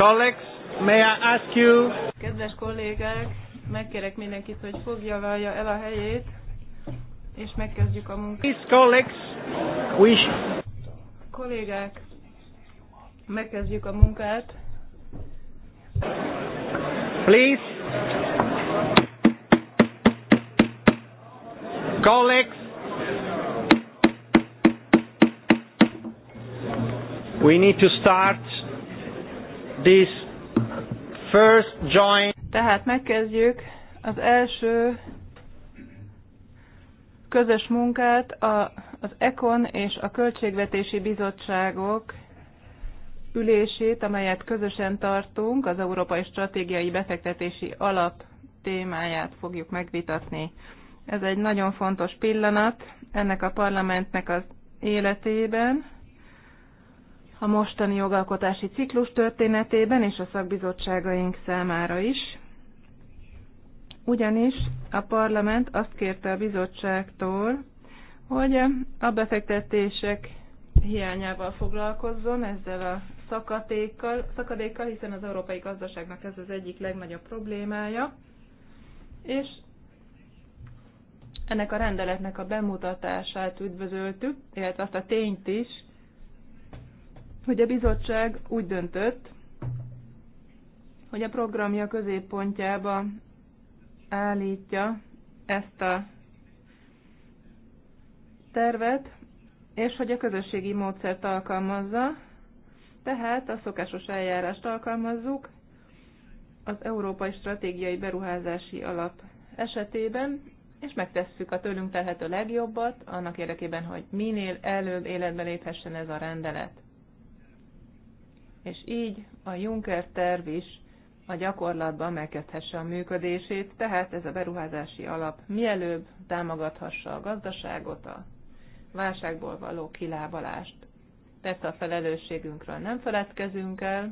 Colleagues, may I ask you? Kedves kollégák, megkérek mindenkit, hogy válja el a helyét, és megkezdjük a munkát. Please, colleagues, we... Kollégák, megkezdjük a munkát. Please. Colleagues. We need to start this first joint. Tehát megkezdjük az első közös munkát a, az ECON és a Költségvetési Bizottságok ülését, amelyet közösen tartunk, az Európai Stratégiai Befektetési Alap témáját fogjuk megvitatni. Ez egy nagyon fontos pillanat ennek a parlamentnek az életében a mostani jogalkotási ciklus történetében és a szakbizottságaink számára is. Ugyanis a parlament azt kérte a bizottságtól, hogy a befektetések hiányával foglalkozzon, ezzel a szakadékkal, szakadékkal hiszen az európai gazdaságnak ez az egyik legnagyobb problémája, és ennek a rendeletnek a bemutatását üdvözöltük, illetve azt a tényt is, hogy a bizottság úgy döntött, hogy a programja középpontjába állítja ezt a tervet, és hogy a közösségi módszert alkalmazza, tehát a szokásos eljárást alkalmazzuk az Európai Stratégiai Beruházási Alap esetében, és megtesszük a tőlünk telhető legjobbat, annak érdekében, hogy minél előbb életbe léphessen ez a rendelet és így a Juncker terv is a gyakorlatban megkezdhesse a működését, tehát ez a beruházási alap mielőbb támogathassa a gazdaságot, a válságból való kilábalást. Persze a felelősségünkről nem feledkezünk el,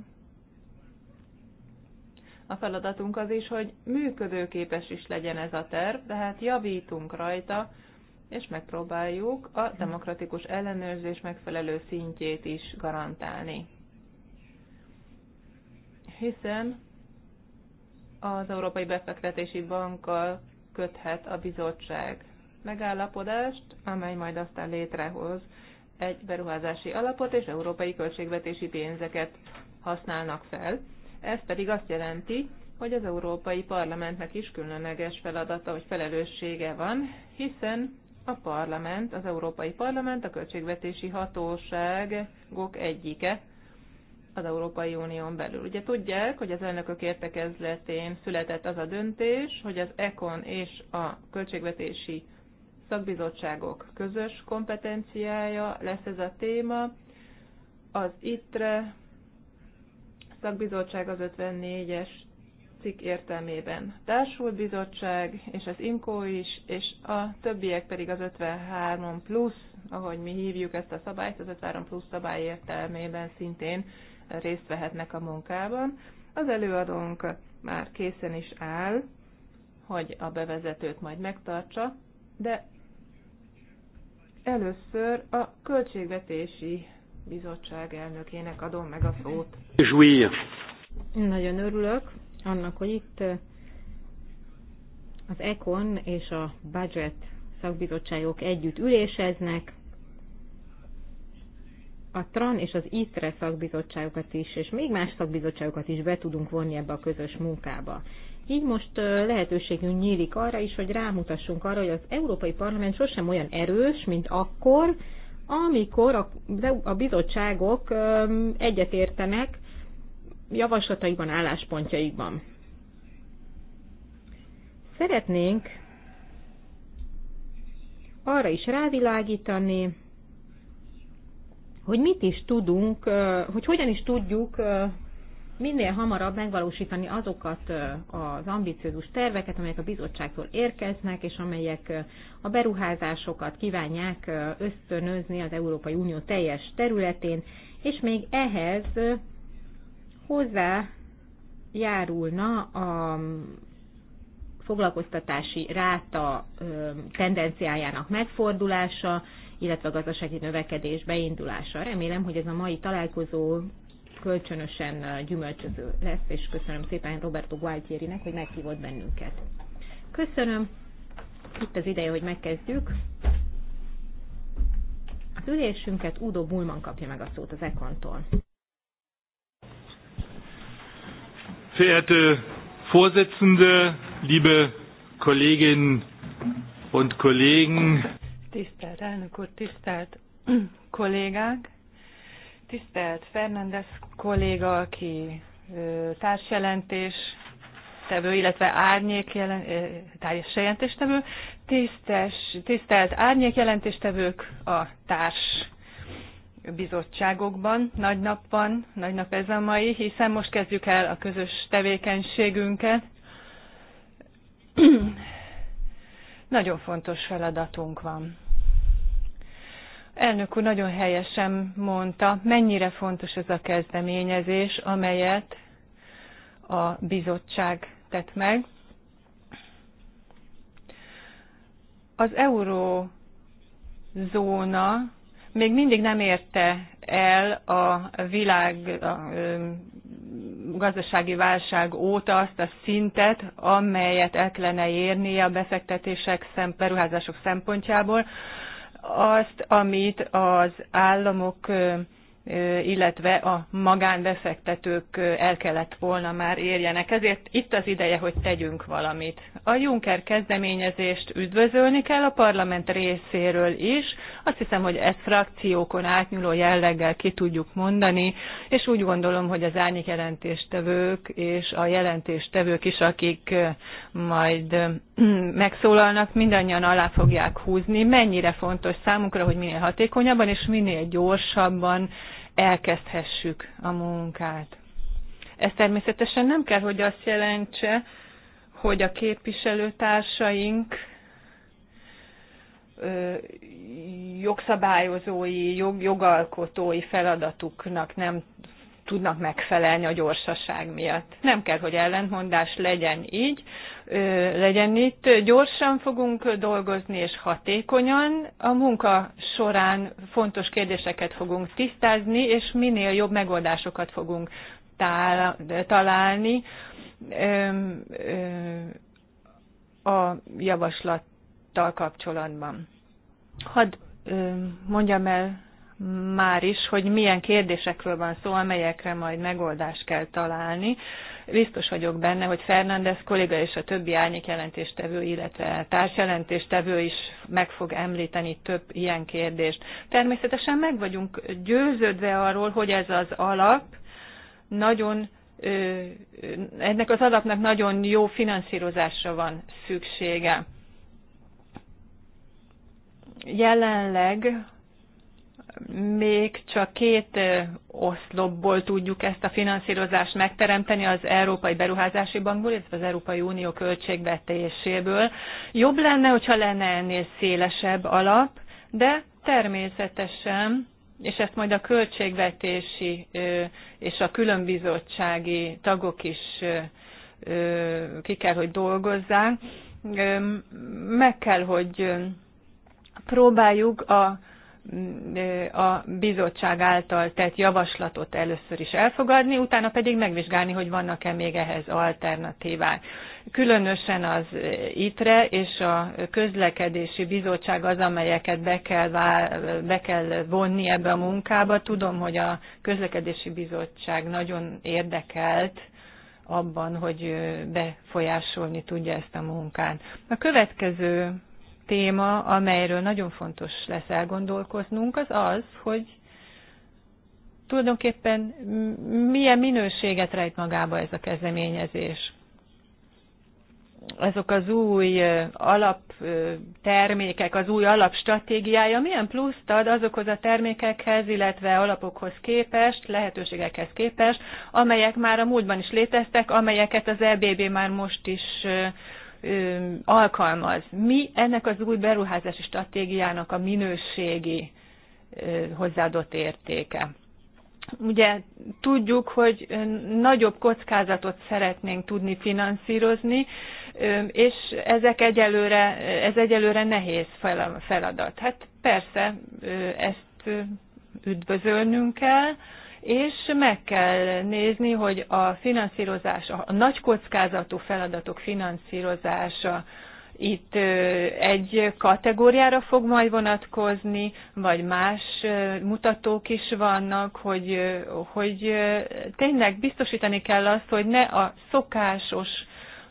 a feladatunk az is, hogy működőképes is legyen ez a terv, tehát javítunk rajta, és megpróbáljuk a demokratikus ellenőrzés megfelelő szintjét is garantálni hiszen az Európai Befektetési Bankkal köthet a bizottság megállapodást, amely majd aztán létrehoz egy beruházási alapot, és európai költségvetési pénzeket használnak fel. Ez pedig azt jelenti, hogy az Európai Parlamentnek is különleges feladata, vagy felelőssége van, hiszen a parlament, az Európai Parlament a költségvetési hatóságok egyike, az Európai Unión belül. Ugye tudják, hogy az elnökök értekezletén született az a döntés, hogy az ECON és a költségvetési szakbizottságok közös kompetenciája lesz ez a téma. Az ITRE szakbizottság az 54-es cikk értelmében társult bizottság, és az IMCO is, és a többiek pedig az 53 plusz, ahogy mi hívjuk ezt a szabályt, az 53 plusz szabály értelmében szintén részt vehetnek a munkában. Az előadónk már készen is áll, hogy a bevezetőt majd megtartsa, de először a Költségvetési Bizottság elnökének adom meg a szót. Zsúj! Nagyon örülök annak, hogy itt az ECON és a Budget szakbizottságok együtt üléseznek, a TRAN és az ITRE szakbizottságokat is, és még más szakbizottságokat is be tudunk vonni ebbe a közös munkába. Így most lehetőségünk nyílik arra is, hogy rámutassunk arra, hogy az Európai Parlament sosem olyan erős, mint akkor, amikor a, a bizottságok egyetértenek javaslataikban, álláspontjaikban. Szeretnénk arra is rávilágítani, hogy mit is tudunk, hogy hogyan is tudjuk minél hamarabb megvalósítani azokat az ambiciózus terveket, amelyek a bizottságtól érkeznek, és amelyek a beruházásokat kívánják ösztönözni az Európai Unió teljes területén, és még ehhez hozzá járulna a mm, foglalkoztatási ráta tendenciájának megfordulása, illetve a gazdasági növekedés beindulása. Remélem, hogy ez a mai találkozó kölcsönösen gyümölcsöző lesz, és köszönöm szépen Roberto Gualtierinek, hogy meghívott bennünket. Köszönöm. Itt az ideje, hogy megkezdjük. Az ülésünket Udo Bulman kapja meg a szót az Ekontól. Verehrte Vorsitzende, liebe Kolleginnen und Kollegen! Tisztelt elnök úr, tisztelt kollégák, tisztelt Fernández kolléga, aki társjelentés tevő, illetve árnyék jelen, tevő, tisztes, tisztelt árnyék tevők a társ bizottságokban. Nagy nap van, nagy nap ez a mai, hiszen most kezdjük el a közös tevékenységünket. Nagyon fontos feladatunk van. Elnök úr nagyon helyesen mondta, mennyire fontos ez a kezdeményezés, amelyet a bizottság tett meg. Az eurózóna még mindig nem érte el a világ gazdasági válság óta azt a szintet, amelyet el kellene érnie a befektetések, szem, beruházások szempontjából, azt, amit az államok illetve a magánbefektetők el kellett volna már érjenek. Ezért itt az ideje, hogy tegyünk valamit. A Juncker kezdeményezést üdvözölni kell a parlament részéről is, azt hiszem, hogy ezt frakciókon átnyúló jelleggel ki tudjuk mondani, és úgy gondolom, hogy az árnyék jelentéstevők és a jelentéstevők is, akik majd megszólalnak, mindannyian alá fogják húzni, mennyire fontos számunkra, hogy minél hatékonyabban és minél gyorsabban elkezdhessük a munkát. Ez természetesen nem kell, hogy azt jelentse, hogy a képviselőtársaink jogszabályozói, jog, jogalkotói feladatuknak nem tudnak megfelelni a gyorsaság miatt. Nem kell, hogy ellentmondás legyen így, legyen itt. Gyorsan fogunk dolgozni és hatékonyan. A munka során fontos kérdéseket fogunk tisztázni, és minél jobb megoldásokat fogunk találni a javaslat tal kapcsolatban. Hadd mondjam el már is, hogy milyen kérdésekről van szó, amelyekre majd megoldást kell találni. Biztos vagyok benne, hogy Fernández kolléga és a többi árnyék jelentéstevő, illetve társjelentéstevő is meg fog említeni több ilyen kérdést. Természetesen meg vagyunk győződve arról, hogy ez az alap nagyon ennek az alapnak nagyon jó finanszírozásra van szüksége jelenleg még csak két oszlopból tudjuk ezt a finanszírozást megteremteni az Európai Beruházási Bankból, illetve az Európai Unió költségvetéséből. Jobb lenne, hogyha lenne ennél szélesebb alap, de természetesen, és ezt majd a költségvetési és a különbizottsági tagok is ki kell, hogy dolgozzák, meg kell, hogy próbáljuk a, a bizottság által tett javaslatot először is elfogadni, utána pedig megvizsgálni, hogy vannak-e még ehhez alternatívák. Különösen az ITRE és a közlekedési bizottság az, amelyeket be kell, vá, be kell vonni ebbe a munkába. Tudom, hogy a közlekedési bizottság nagyon érdekelt abban, hogy befolyásolni tudja ezt a munkát. A következő téma, amelyről nagyon fontos lesz elgondolkoznunk, az az, hogy tulajdonképpen milyen minőséget rejt magába ez a kezdeményezés. Azok az új alaptermékek, az új alapstratégiája milyen pluszt ad azokhoz a termékekhez, illetve alapokhoz képest, lehetőségekhez képest, amelyek már a múltban is léteztek, amelyeket az EBB már most is alkalmaz. Mi ennek az új beruházási stratégiának a minőségi hozzáadott értéke? Ugye tudjuk, hogy nagyobb kockázatot szeretnénk tudni finanszírozni, és ezek egyelőre, ez egyelőre nehéz feladat. Hát persze, ezt üdvözölnünk kell, és meg kell nézni, hogy a finanszírozás, a nagy kockázatú feladatok finanszírozása itt egy kategóriára fog majd vonatkozni, vagy más mutatók is vannak, hogy, hogy tényleg biztosítani kell azt, hogy ne a szokásos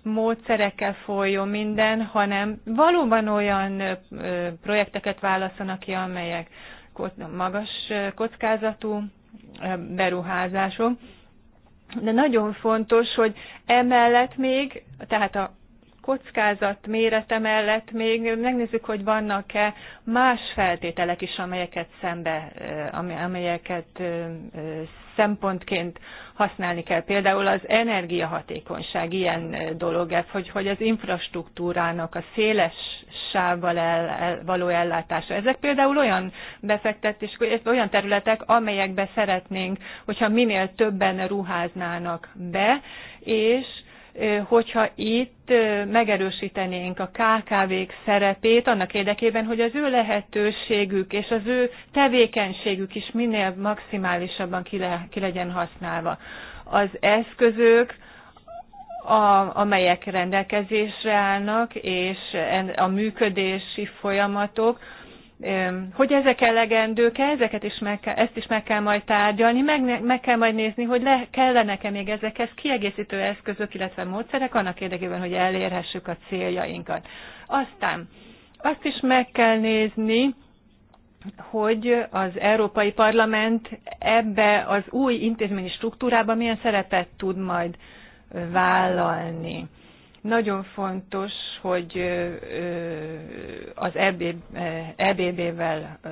módszerekkel folyjon minden, hanem valóban olyan projekteket válaszanak ki, amelyek magas kockázatú beruházásom. De nagyon fontos, hogy emellett még, tehát a kockázat mérete mellett még megnézzük, hogy vannak-e más feltételek is, amelyeket szembe, eh, amelyeket eh, szempontként használni kell. Például az energiahatékonyság ilyen eh, dolog ez, hogy, hogy az infrastruktúrának a széles sávval el, el, való ellátása. Ezek például olyan befektetés, olyan területek, amelyekbe szeretnénk, hogyha minél többen ruháznának be, és hogyha itt megerősítenénk a KKV-k szerepét annak érdekében, hogy az ő lehetőségük és az ő tevékenységük is minél maximálisabban ki, le, ki legyen használva. Az eszközök, a, amelyek rendelkezésre állnak, és a működési folyamatok, hogy ezek elegendők -e, ezeket is meg kell, ezt is meg kell majd tárgyalni, meg, meg kell majd nézni, hogy le, kellenek-e még ezekhez kiegészítő eszközök, illetve módszerek annak érdekében, hogy elérhessük a céljainkat. Aztán azt is meg kell nézni, hogy az Európai Parlament ebbe az új intézményi struktúrába milyen szerepet tud majd vállalni nagyon fontos, hogy az EBB-vel e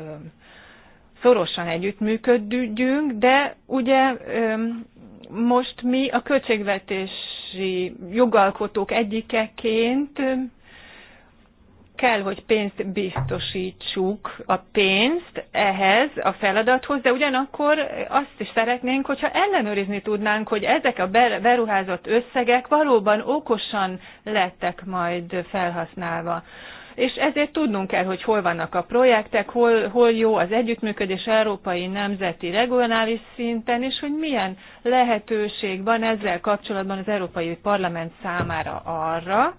szorosan együttműködjünk, de ugye most mi a költségvetési jogalkotók egyikeként kell, hogy pénzt biztosítsuk, a pénzt ehhez a feladathoz, de ugyanakkor azt is szeretnénk, hogyha ellenőrizni tudnánk, hogy ezek a beruházott összegek valóban okosan lettek majd felhasználva és ezért tudnunk kell, hogy hol vannak a projektek, hol, hol jó az együttműködés európai, nemzeti, regionális szinten, és hogy milyen lehetőség van ezzel kapcsolatban az Európai Parlament számára arra,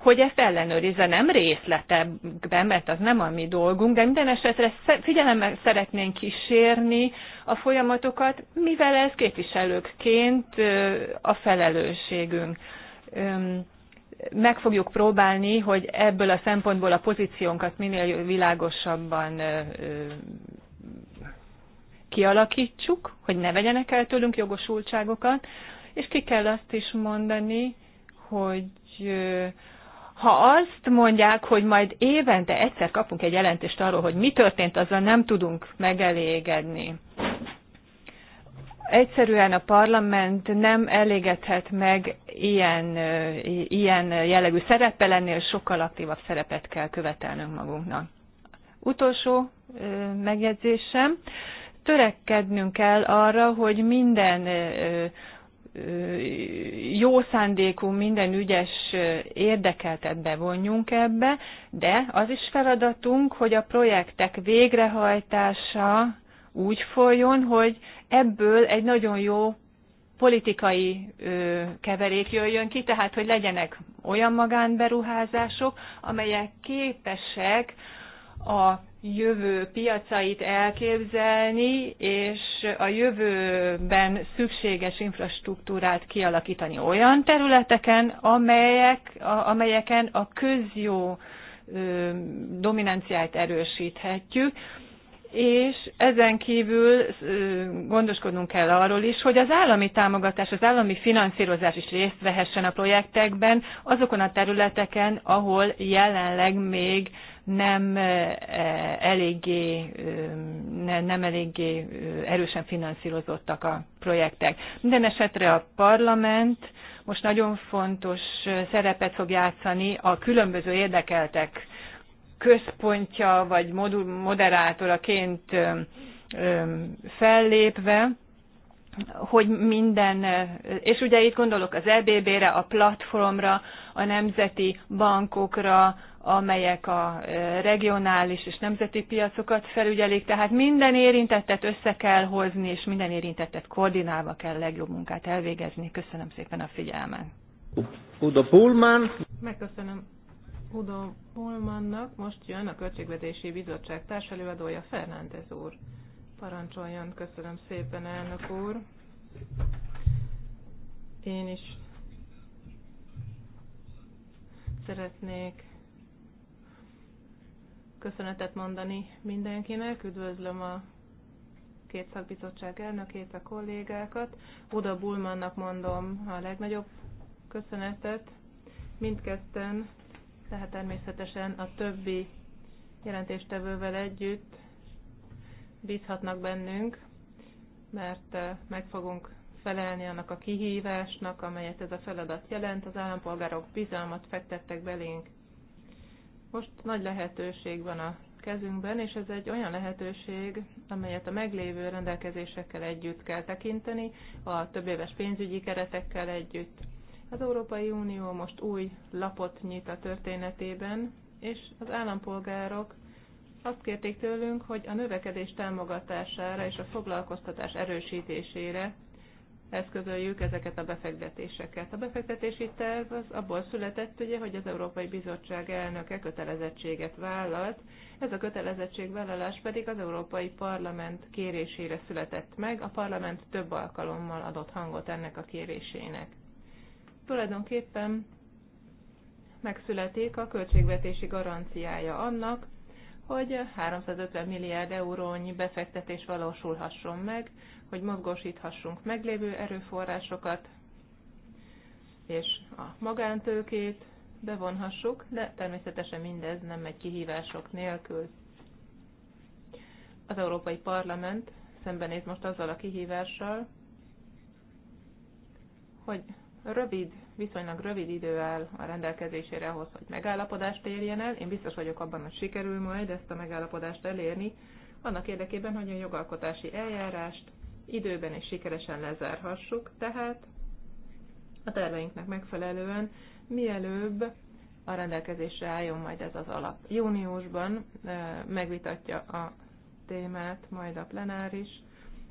hogy ezt ellenőrizze, nem részletekben, mert az nem a mi dolgunk, de minden esetre figyelemmel szeretnénk kísérni a folyamatokat, mivel ez képviselőkként a felelősségünk. Meg fogjuk próbálni, hogy ebből a szempontból a pozíciónkat minél világosabban kialakítsuk, hogy ne vegyenek el tőlünk jogosultságokat, és ki kell azt is mondani, hogy ha azt mondják, hogy majd évente egyszer kapunk egy jelentést arról, hogy mi történt, azzal nem tudunk megelégedni. Egyszerűen a parlament nem elégedhet meg ilyen, ilyen jellegű szereppel, ennél sokkal aktívabb szerepet kell követelnünk magunknak. Utolsó megjegyzésem törekednünk kell arra, hogy minden jó szándékú, minden ügyes érdekeltet bevonjunk ebbe, de az is feladatunk, hogy a projektek végrehajtása úgy folyjon, hogy ebből egy nagyon jó politikai ö, keverék jöjjön ki, tehát hogy legyenek olyan magánberuházások, amelyek képesek a jövő piacait elképzelni, és a jövőben szükséges infrastruktúrát kialakítani olyan területeken, amelyek, a, amelyeken a közjó ö, dominanciát erősíthetjük, és ezen kívül ö, gondoskodnunk kell arról is, hogy az állami támogatás, az állami finanszírozás is részt vehessen a projektekben azokon a területeken, ahol jelenleg még ö, nem eléggé, nem eléggé erősen finanszírozottak a projektek. Minden esetre a parlament most nagyon fontos szerepet fog játszani a különböző érdekeltek központja vagy moderátoraként fellépve, hogy minden, és ugye itt gondolok az EBB-re, a platformra, a nemzeti bankokra, amelyek a e, regionális és nemzeti piacokat felügyelik, tehát minden érintettet össze kell hozni, és minden érintettet koordinálva kell a legjobb munkát elvégezni. Köszönöm szépen a figyelmet. Uda Pullman. Megköszönöm Uda Pullmannak. Most jön a Költségvetési Bizottság társelőadója Fernández úr. Parancsoljon, köszönöm szépen, elnök úr. Én is szeretnék köszönetet mondani mindenkinek. Üdvözlöm a két szakbizottság elnökét, a kollégákat. Oda Bulmannak mondom a legnagyobb köszönetet. Mindketten, tehát természetesen a többi jelentéstevővel együtt bízhatnak bennünk, mert eh, meg fogunk felelni annak a kihívásnak, amelyet ez a feladat jelent. Az állampolgárok bizalmat fektettek belénk. Most nagy lehetőség van a kezünkben, és ez egy olyan lehetőség, amelyet a meglévő rendelkezésekkel együtt kell tekinteni, a többéves pénzügyi keretekkel együtt. Az Európai Unió most új lapot nyit a történetében, és az állampolgárok azt kérték tőlünk, hogy a növekedés támogatására és a foglalkoztatás erősítésére eszközöljük ezeket a befektetéseket. A befektetési terv az abból született, ugye, hogy az Európai Bizottság elnöke kötelezettséget vállalt, ez a kötelezettségvállalás pedig az Európai Parlament kérésére született meg, a parlament több alkalommal adott hangot ennek a kérésének. Tulajdonképpen megszületik a költségvetési garanciája annak, hogy 350 milliárd eurónyi befektetés valósulhasson meg, hogy mozgósíthassunk meglévő erőforrásokat, és a magántőkét bevonhassuk, de természetesen mindez nem megy kihívások nélkül. Az Európai Parlament szembenéz most azzal a kihívással, hogy rövid viszonylag rövid idő áll a rendelkezésére ahhoz, hogy megállapodást érjen el. Én biztos vagyok abban, hogy sikerül majd ezt a megállapodást elérni, annak érdekében, hogy a jogalkotási eljárást időben és sikeresen lezárhassuk, tehát a terveinknek megfelelően mielőbb a rendelkezésre álljon majd ez az alap. Júniusban eh, megvitatja a témát majd a plenáris,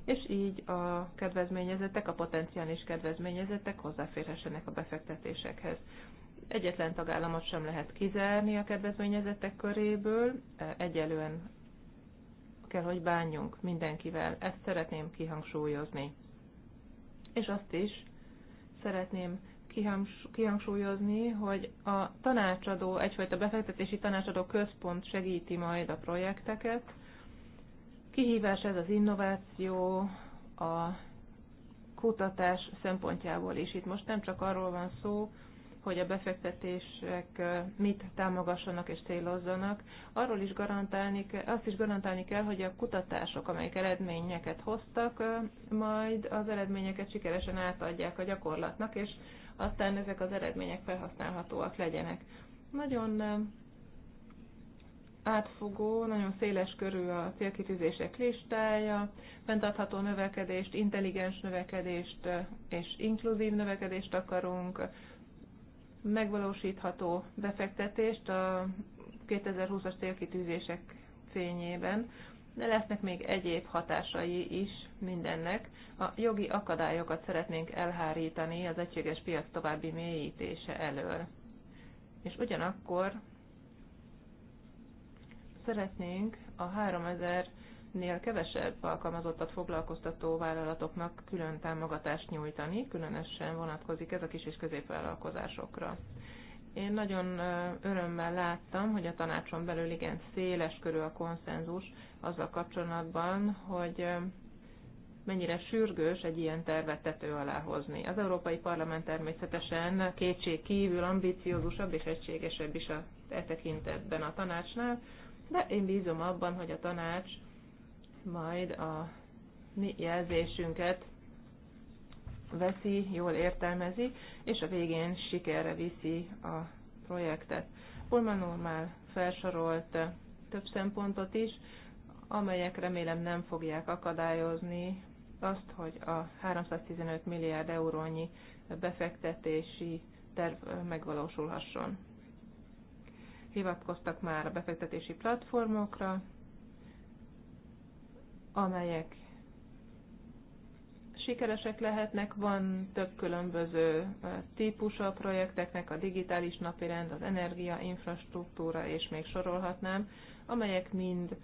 és így a kedvezményezettek, a potenciális kedvezményezettek hozzáférhessenek a befektetésekhez. Egyetlen tagállamot sem lehet kizárni a kedvezményezettek köréből, egyelően kell, hogy bánjunk mindenkivel. Ezt szeretném kihangsúlyozni. És azt is szeretném kihangsúlyozni, hogy a tanácsadó, egyfajta befektetési tanácsadó központ segíti majd a projekteket, Kihívás ez az innováció, a kutatás szempontjából is. Itt most nem csak arról van szó, hogy a befektetések mit támogassanak és célozzanak, arról is garantálni, azt is garantálni kell, hogy a kutatások, amelyek eredményeket hoztak, majd az eredményeket sikeresen átadják a gyakorlatnak, és aztán ezek az eredmények felhasználhatóak legyenek. Nagyon átfogó, nagyon széles körű a célkitűzések listája, fenntartható növekedést, intelligens növekedést eh, és inkluzív növekedést akarunk, megvalósítható befektetést a 2020-as célkitűzések fényében, de lesznek még egyéb hatásai is mindennek. A jogi akadályokat szeretnénk elhárítani az egységes piac további mélyítése elől. És ugyanakkor szeretnénk a 3000 nél kevesebb alkalmazottat foglalkoztató vállalatoknak külön támogatást nyújtani, különösen vonatkozik ez a kis és középvállalkozásokra. Én nagyon örömmel láttam, hogy a tanácson belül igen széles körül a konszenzus azzal kapcsolatban, hogy mennyire sürgős egy ilyen tervet tető alá hozni. Az Európai Parlament természetesen kétség kívül ambiciózusabb és egységesebb is a e tekintetben a tanácsnál, de én bízom abban, hogy a tanács majd a mi jelzésünket veszi, jól értelmezi, és a végén sikerre viszi a projektet. Pullman normál felsorolt több szempontot is, amelyek remélem nem fogják akadályozni azt, hogy a 315 milliárd eurónyi befektetési terv megvalósulhasson hivatkoztak már a befektetési platformokra, amelyek sikeresek lehetnek. Van több különböző típusa a projekteknek, a digitális napirend, az energia, infrastruktúra, és még sorolhatnám, amelyek mind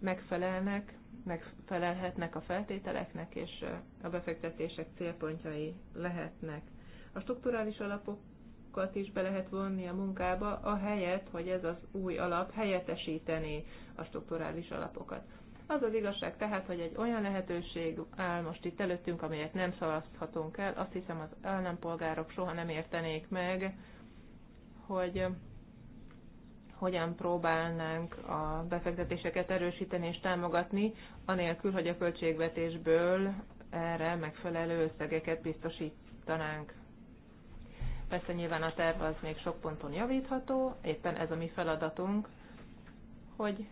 megfelelnek, megfelelhetnek a feltételeknek, és a befektetések célpontjai lehetnek. A strukturális alapok tagállamokat is be lehet vonni a munkába, a helyet, hogy ez az új alap helyettesítené a strukturális alapokat. Az az igazság tehát, hogy egy olyan lehetőség áll most itt előttünk, amelyet nem szalaszthatunk el. Azt hiszem az állampolgárok soha nem értenék meg, hogy hogyan próbálnánk a befektetéseket erősíteni és támogatni, anélkül, hogy a költségvetésből erre megfelelő összegeket biztosítanánk. Persze nyilván a terv az még sok ponton javítható, éppen ez a mi feladatunk, hogy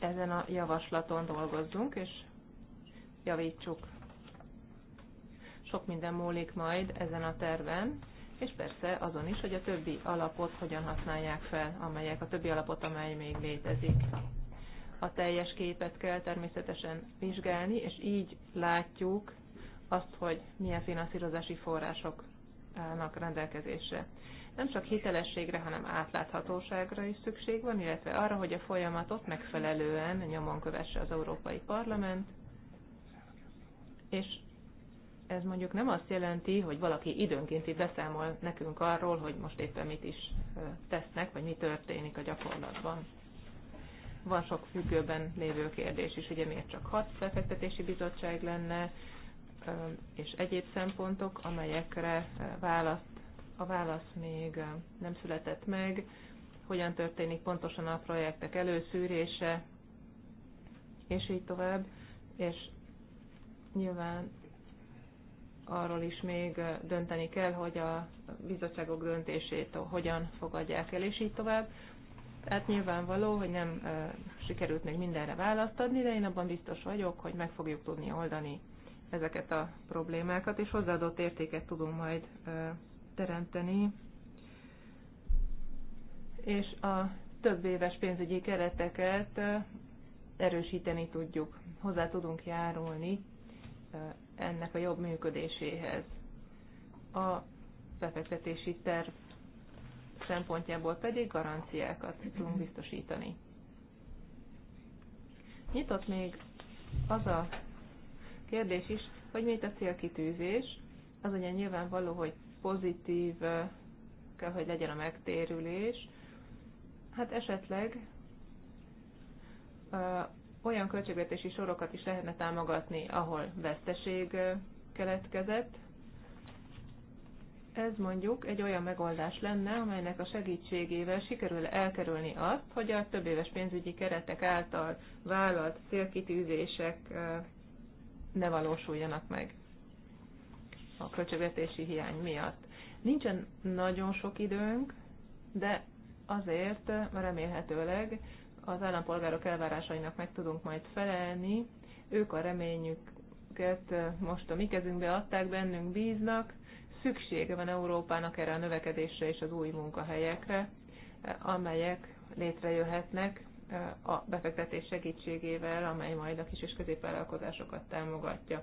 ezen a javaslaton dolgozzunk, és javítsuk. Sok minden múlik majd ezen a terven, és persze azon is, hogy a többi alapot hogyan használják fel, amelyek a többi alapot, amely még létezik. A teljes képet kell természetesen vizsgálni, és így látjuk azt, hogy milyen finanszírozási források állnak rendelkezésre. Nem csak hitelességre, hanem átláthatóságra is szükség van, illetve arra, hogy a folyamatot megfelelően nyomon kövesse az Európai Parlament, és ez mondjuk nem azt jelenti, hogy valaki időnként itt beszámol nekünk arról, hogy most éppen mit is tesznek, vagy mi történik a gyakorlatban. Van sok függőben lévő kérdés is, ugye miért csak hat befektetési bizottság lenne, és egyéb szempontok, amelyekre választ, a válasz még nem született meg, hogyan történik pontosan a projektek előszűrése, és így tovább, és nyilván arról is még dönteni kell, hogy a bizottságok döntését hogyan fogadják el, és így tovább. Tehát nyilvánvaló, hogy nem sikerült még mindenre választ adni, de én abban biztos vagyok, hogy meg fogjuk tudni oldani ezeket a problémákat, és hozzáadott értéket tudunk majd teremteni. És a több éves pénzügyi kereteket erősíteni tudjuk, hozzá tudunk járulni ennek a jobb működéséhez. A befektetési terv szempontjából pedig garanciákat tudunk biztosítani. Nyitott még az a kérdés is, hogy mit a célkitűzés. Az ugye nyilvánvaló, hogy pozitív kell, hogy legyen a megtérülés. Hát esetleg olyan költségvetési sorokat is lehetne támogatni, ahol veszteség keletkezett. Ez mondjuk egy olyan megoldás lenne, amelynek a segítségével sikerül elkerülni azt, hogy a több éves pénzügyi keretek által vállalt célkitűzések ne valósuljanak meg a költségvetési hiány miatt. Nincsen nagyon sok időnk, de azért remélhetőleg az állampolgárok elvárásainak meg tudunk majd felelni. Ők a reményüket most a mi kezünkbe adták, bennünk bíznak. Szüksége van Európának erre a növekedésre és az új munkahelyekre, amelyek létrejöhetnek a befektetés segítségével, amely majd a kis és középvállalkozásokat támogatja.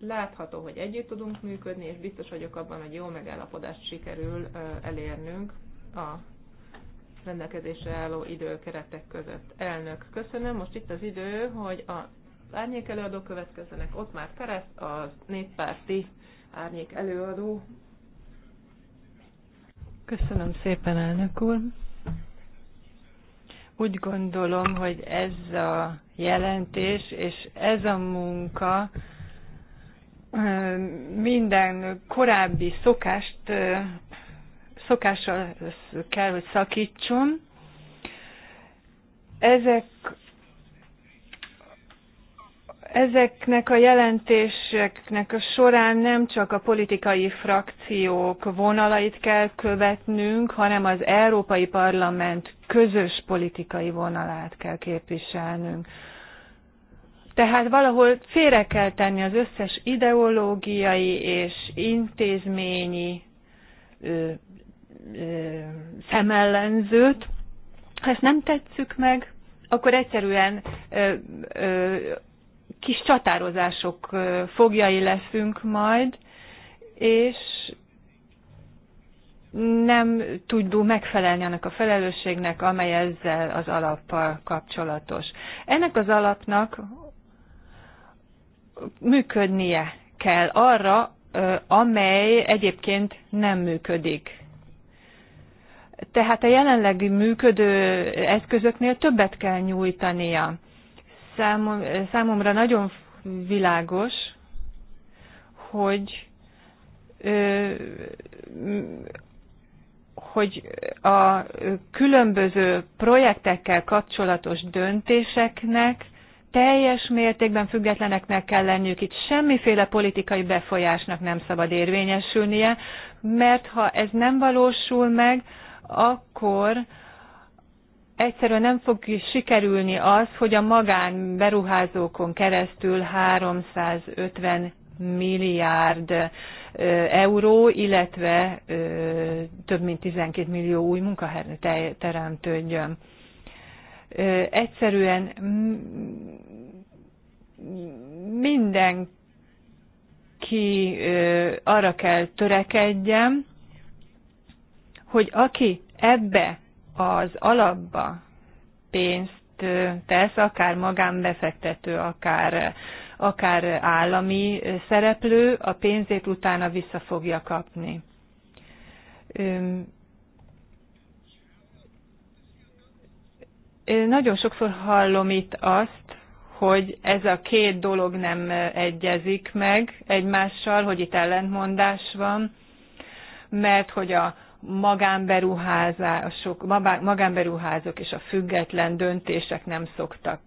Látható, hogy együtt tudunk működni, és biztos vagyok abban, hogy jó megállapodást sikerül elérnünk a rendelkezésre álló időkeretek között. Elnök, köszönöm. Most itt az idő, hogy a árnyék előadók következzenek. Ott már kereszt a néppárti árnyék előadó. Köszönöm szépen, elnök úr. Úgy gondolom, hogy ez a jelentés és ez a munka minden korábbi szokást szokással kell, hogy szakítson. Ezek Ezeknek a jelentéseknek a során nem csak a politikai frakciók vonalait kell követnünk, hanem az Európai Parlament közös politikai vonalát kell képviselnünk. Tehát valahol félre kell tenni az összes ideológiai és intézményi ö, ö, szemellenzőt. Ha ezt nem tetszük meg, akkor egyszerűen ö, ö, kis csatározások fogjai leszünk majd, és nem tudunk megfelelni annak a felelősségnek, amely ezzel az alappal kapcsolatos. Ennek az alapnak működnie kell arra, amely egyébként nem működik. Tehát a jelenlegi működő eszközöknél többet kell nyújtania számom, számomra nagyon világos, hogy hogy a különböző projektekkel kapcsolatos döntéseknek teljes mértékben függetleneknek kell lenniük, itt semmiféle politikai befolyásnak nem szabad érvényesülnie, mert ha ez nem valósul meg, akkor egyszerűen nem fog sikerülni az, hogy a magán beruházókon keresztül 350 milliárd euró, illetve több mint 12 millió új munkahelyet teremtődjön. Egyszerűen mindenki arra kell törekedjem, hogy aki ebbe az alapba pénzt tesz, akár magánbefektető, akár, akár állami szereplő, a pénzét utána vissza fogja kapni. Nagyon sokszor hallom itt azt, hogy ez a két dolog nem egyezik meg egymással, hogy itt ellentmondás van, mert hogy a magánberuházások, magánberuházók és a független döntések nem szoktak,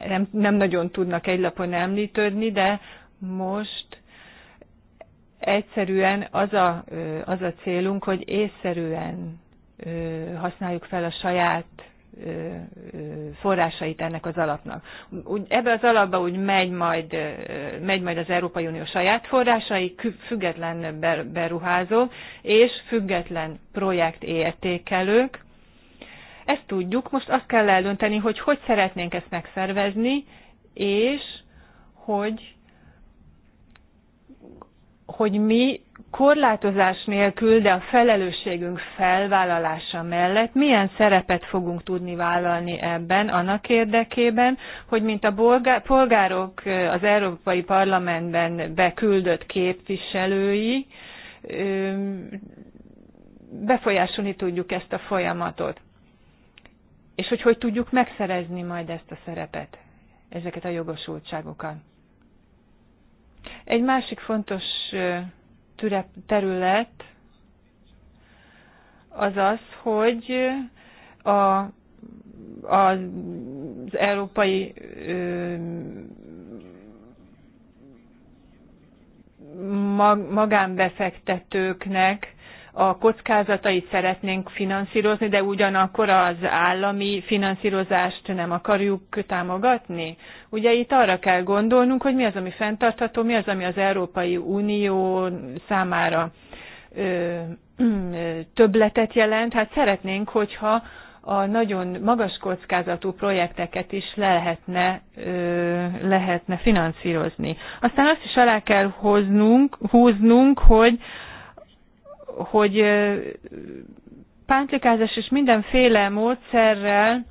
nem, nem nagyon tudnak egy lapon említődni, de most egyszerűen az a, az a célunk, hogy észszerűen használjuk fel a saját forrásait ennek az alapnak. Úgy, ebbe az alapba úgy megy majd, megy majd az Európai Unió saját forrásai, független beruházó és független projektértékelők. Ezt tudjuk, most azt kell eldönteni, hogy hogy szeretnénk ezt megszervezni, és hogy hogy mi korlátozás nélkül, de a felelősségünk felvállalása mellett milyen szerepet fogunk tudni vállalni ebben, annak érdekében, hogy mint a polgárok az Európai Parlamentben beküldött képviselői, befolyásolni tudjuk ezt a folyamatot. És hogy hogy tudjuk megszerezni majd ezt a szerepet, ezeket a jogosultságokat. Egy másik fontos terület az az, hogy a, az európai magánbefektetőknek a kockázatait szeretnénk finanszírozni, de ugyanakkor az állami finanszírozást nem akarjuk támogatni? Ugye itt arra kell gondolnunk, hogy mi az, ami fenntartható, mi az, ami az Európai Unió számára ö, ö, többletet jelent. Hát szeretnénk, hogyha a nagyon magas kockázatú projekteket is lehetne, ö, lehetne finanszírozni. Aztán azt is alá kell hoznunk, húznunk, hogy hogy pántlikázás és mindenféle módszerrel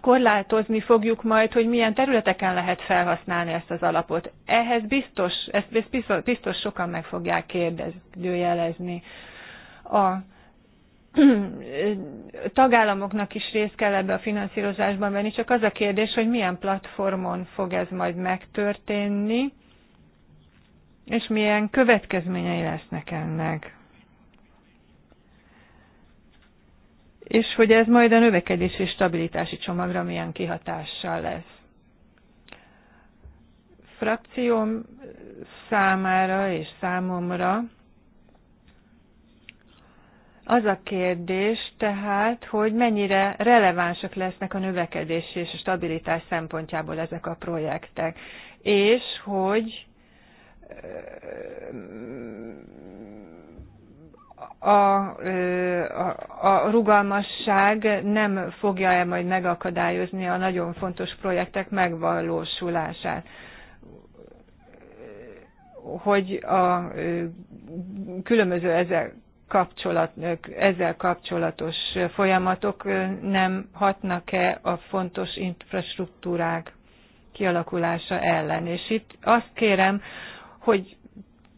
korlátozni fogjuk majd, hogy milyen területeken lehet felhasználni ezt az alapot. Ehhez biztos, ezt, biztos, biztos sokan meg fogják kérdőjelezni A tagállamoknak is részt kell ebbe a finanszírozásban venni, csak az a kérdés, hogy milyen platformon fog ez majd megtörténni, és milyen következményei lesznek ennek. és hogy ez majd a növekedés és stabilitási csomagra milyen kihatással lesz. Frakcióm számára és számomra az a kérdés tehát, hogy mennyire relevánsak lesznek a növekedés és a stabilitás szempontjából ezek a projektek, és hogy a, a rugalmasság nem fogja-e majd megakadályozni a nagyon fontos projektek megvalósulását. Hogy a különböző ezek kapcsolat, ezzel kapcsolatos folyamatok nem hatnak-e a fontos infrastruktúrák kialakulása ellen. És itt azt kérem, hogy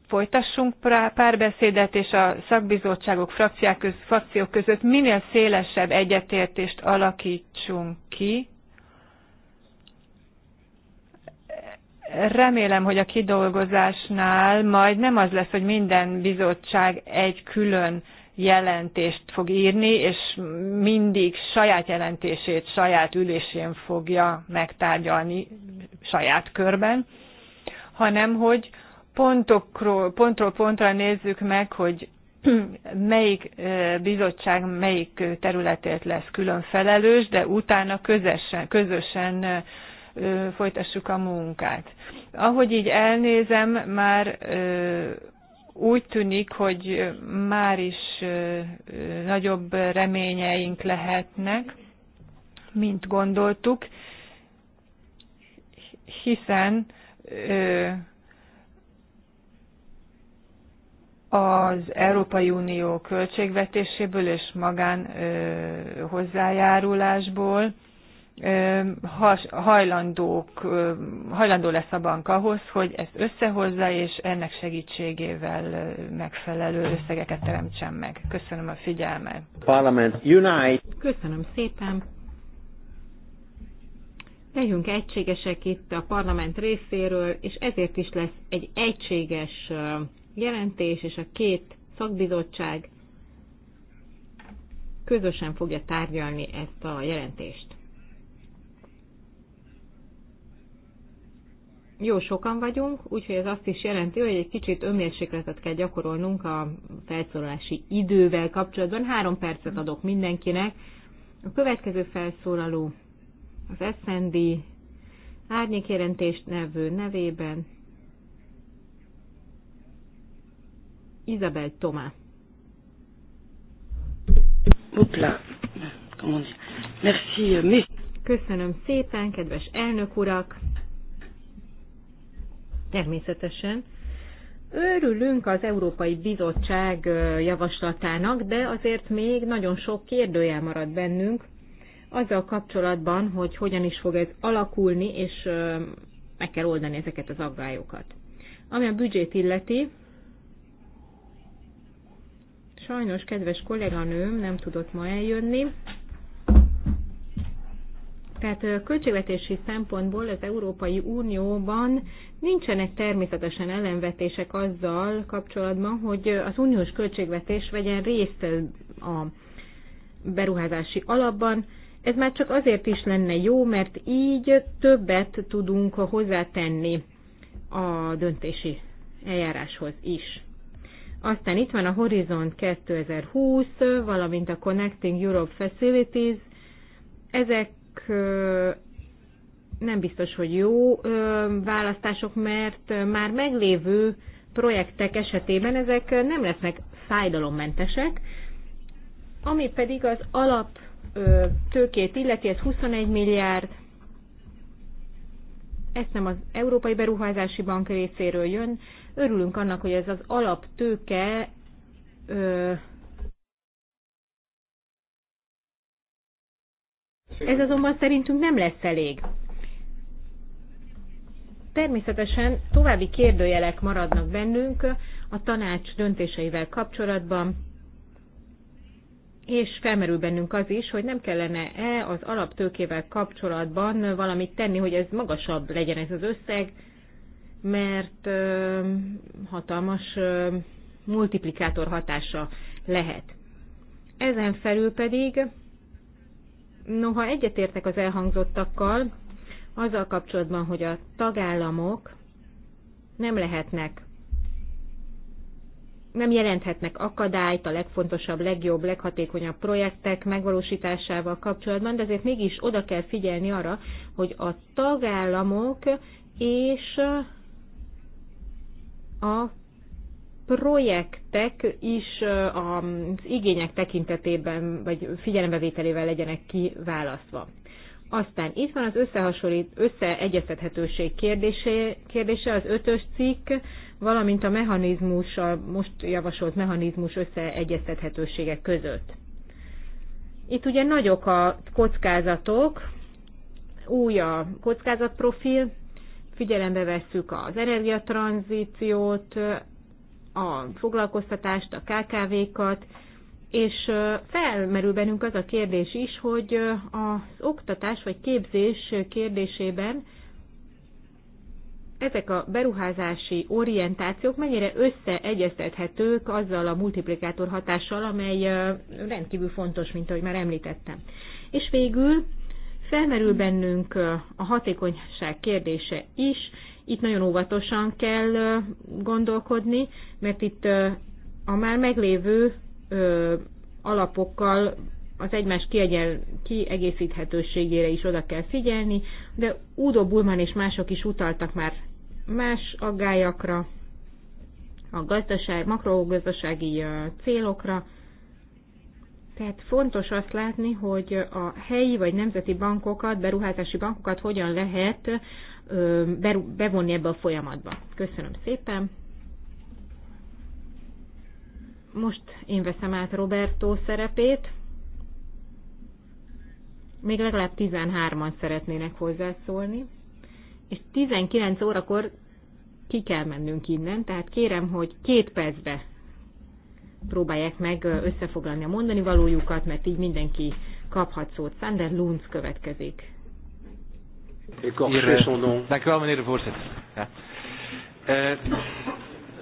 folytassunk párbeszédet, és a szakbizottságok, frakciák köz, frakciók között minél szélesebb egyetértést alakítsunk ki. Remélem, hogy a kidolgozásnál majd nem az lesz, hogy minden bizottság egy külön jelentést fog írni, és mindig saját jelentését saját ülésén fogja megtárgyalni saját körben, hanem hogy pontokról, pontról pontra nézzük meg, hogy melyik bizottság melyik területért lesz külön felelős, de utána közösen, közösen folytassuk a munkát. Ahogy így elnézem, már úgy tűnik, hogy már is nagyobb reményeink lehetnek, mint gondoltuk, hiszen az Európai Unió költségvetéséből és magán hozzájárulásból hajlandók, hajlandó lesz a bank ahhoz, hogy ezt összehozza, és ennek segítségével megfelelő összegeket teremtsen meg. Köszönöm a figyelmet. Parliament Unite. Köszönöm szépen. Legyünk egységesek itt a parlament részéről, és ezért is lesz egy egységes jelentés és a két szakbizottság közösen fogja tárgyalni ezt a jelentést. Jó sokan vagyunk, úgyhogy ez azt is jelenti, hogy egy kicsit önmérsékletet kell gyakorolnunk a felszólalási idővel kapcsolatban. Három percet adok mindenkinek. A következő felszólaló az SND árnyékjelentést nevő nevében Isabel mais... Euh, Köszönöm szépen, kedves elnök urak! Természetesen Örülünk az Európai Bizottság javaslatának, de azért még nagyon sok kérdőjel marad bennünk azzal kapcsolatban, hogy hogyan is fog ez alakulni, és meg kell oldani ezeket az aggályokat. Ami a büdzsét illeti, Sajnos kedves kolléganőm nem tudott ma eljönni. Tehát költségvetési szempontból az Európai Unióban nincsenek természetesen ellenvetések azzal kapcsolatban, hogy az uniós költségvetés vegyen részt a beruházási alapban. Ez már csak azért is lenne jó, mert így többet tudunk hozzátenni a döntési eljáráshoz is. Aztán itt van a Horizon 2020, valamint a Connecting Europe Facilities. Ezek nem biztos, hogy jó választások, mert már meglévő projektek esetében ezek nem lesznek fájdalommentesek, ami pedig az alap tőkét illeti, ez 21 milliárd, ez nem az Európai Beruházási Bank részéről jön, Örülünk annak, hogy ez az alaptőke ö, Ez azonban szerintünk nem lesz elég. Természetesen további kérdőjelek maradnak bennünk a tanács döntéseivel kapcsolatban, és felmerül bennünk az is, hogy nem kellene-e az alaptőkével kapcsolatban valamit tenni, hogy ez magasabb legyen ez az összeg, mert hatalmas multiplikátor hatása lehet. Ezen felül pedig, noha egyetértek az elhangzottakkal, azzal kapcsolatban, hogy a tagállamok nem lehetnek, nem jelenthetnek akadályt a legfontosabb, legjobb, leghatékonyabb projektek megvalósításával kapcsolatban, de azért mégis oda kell figyelni arra, hogy a tagállamok és a projektek is az igények tekintetében, vagy figyelembevételével legyenek kiválasztva. Aztán itt van az összehasonlít, összeegyeztethetőség kérdése, kérdése, az ötös cikk, valamint a mechanizmus, a most javasolt mechanizmus összeegyeztethetősége között. Itt ugye nagyok a kockázatok, új a kockázatprofil, figyelembe vesszük az energiatranzíciót, a foglalkoztatást, a KKV-kat, és felmerül bennünk az a kérdés is, hogy az oktatás vagy képzés kérdésében ezek a beruházási orientációk mennyire összeegyeztethetők azzal a multiplikátor hatással, amely rendkívül fontos, mint ahogy már említettem. És végül Felmerül bennünk a hatékonyság kérdése is. Itt nagyon óvatosan kell gondolkodni, mert itt a már meglévő alapokkal az egymás kiegyen, kiegészíthetőségére is oda kell figyelni, de Udo Bulman és mások is utaltak már más aggályakra, a gazdaság, makrogazdasági célokra, tehát fontos azt látni, hogy a helyi vagy nemzeti bankokat, beruházási bankokat hogyan lehet bevonni ebbe a folyamatba. Köszönöm szépen. Most én veszem át Roberto szerepét. Még legalább 13-an szeretnének hozzászólni. És 19 órakor ki kell mennünk innen, tehát kérem, hogy két percbe próbálják meg összefoglalni a mondani valójukat, mert így mindenki kaphat szót. Sander Lunds következik. Dank u wel, meneer de voorzitter. Ja. Uh,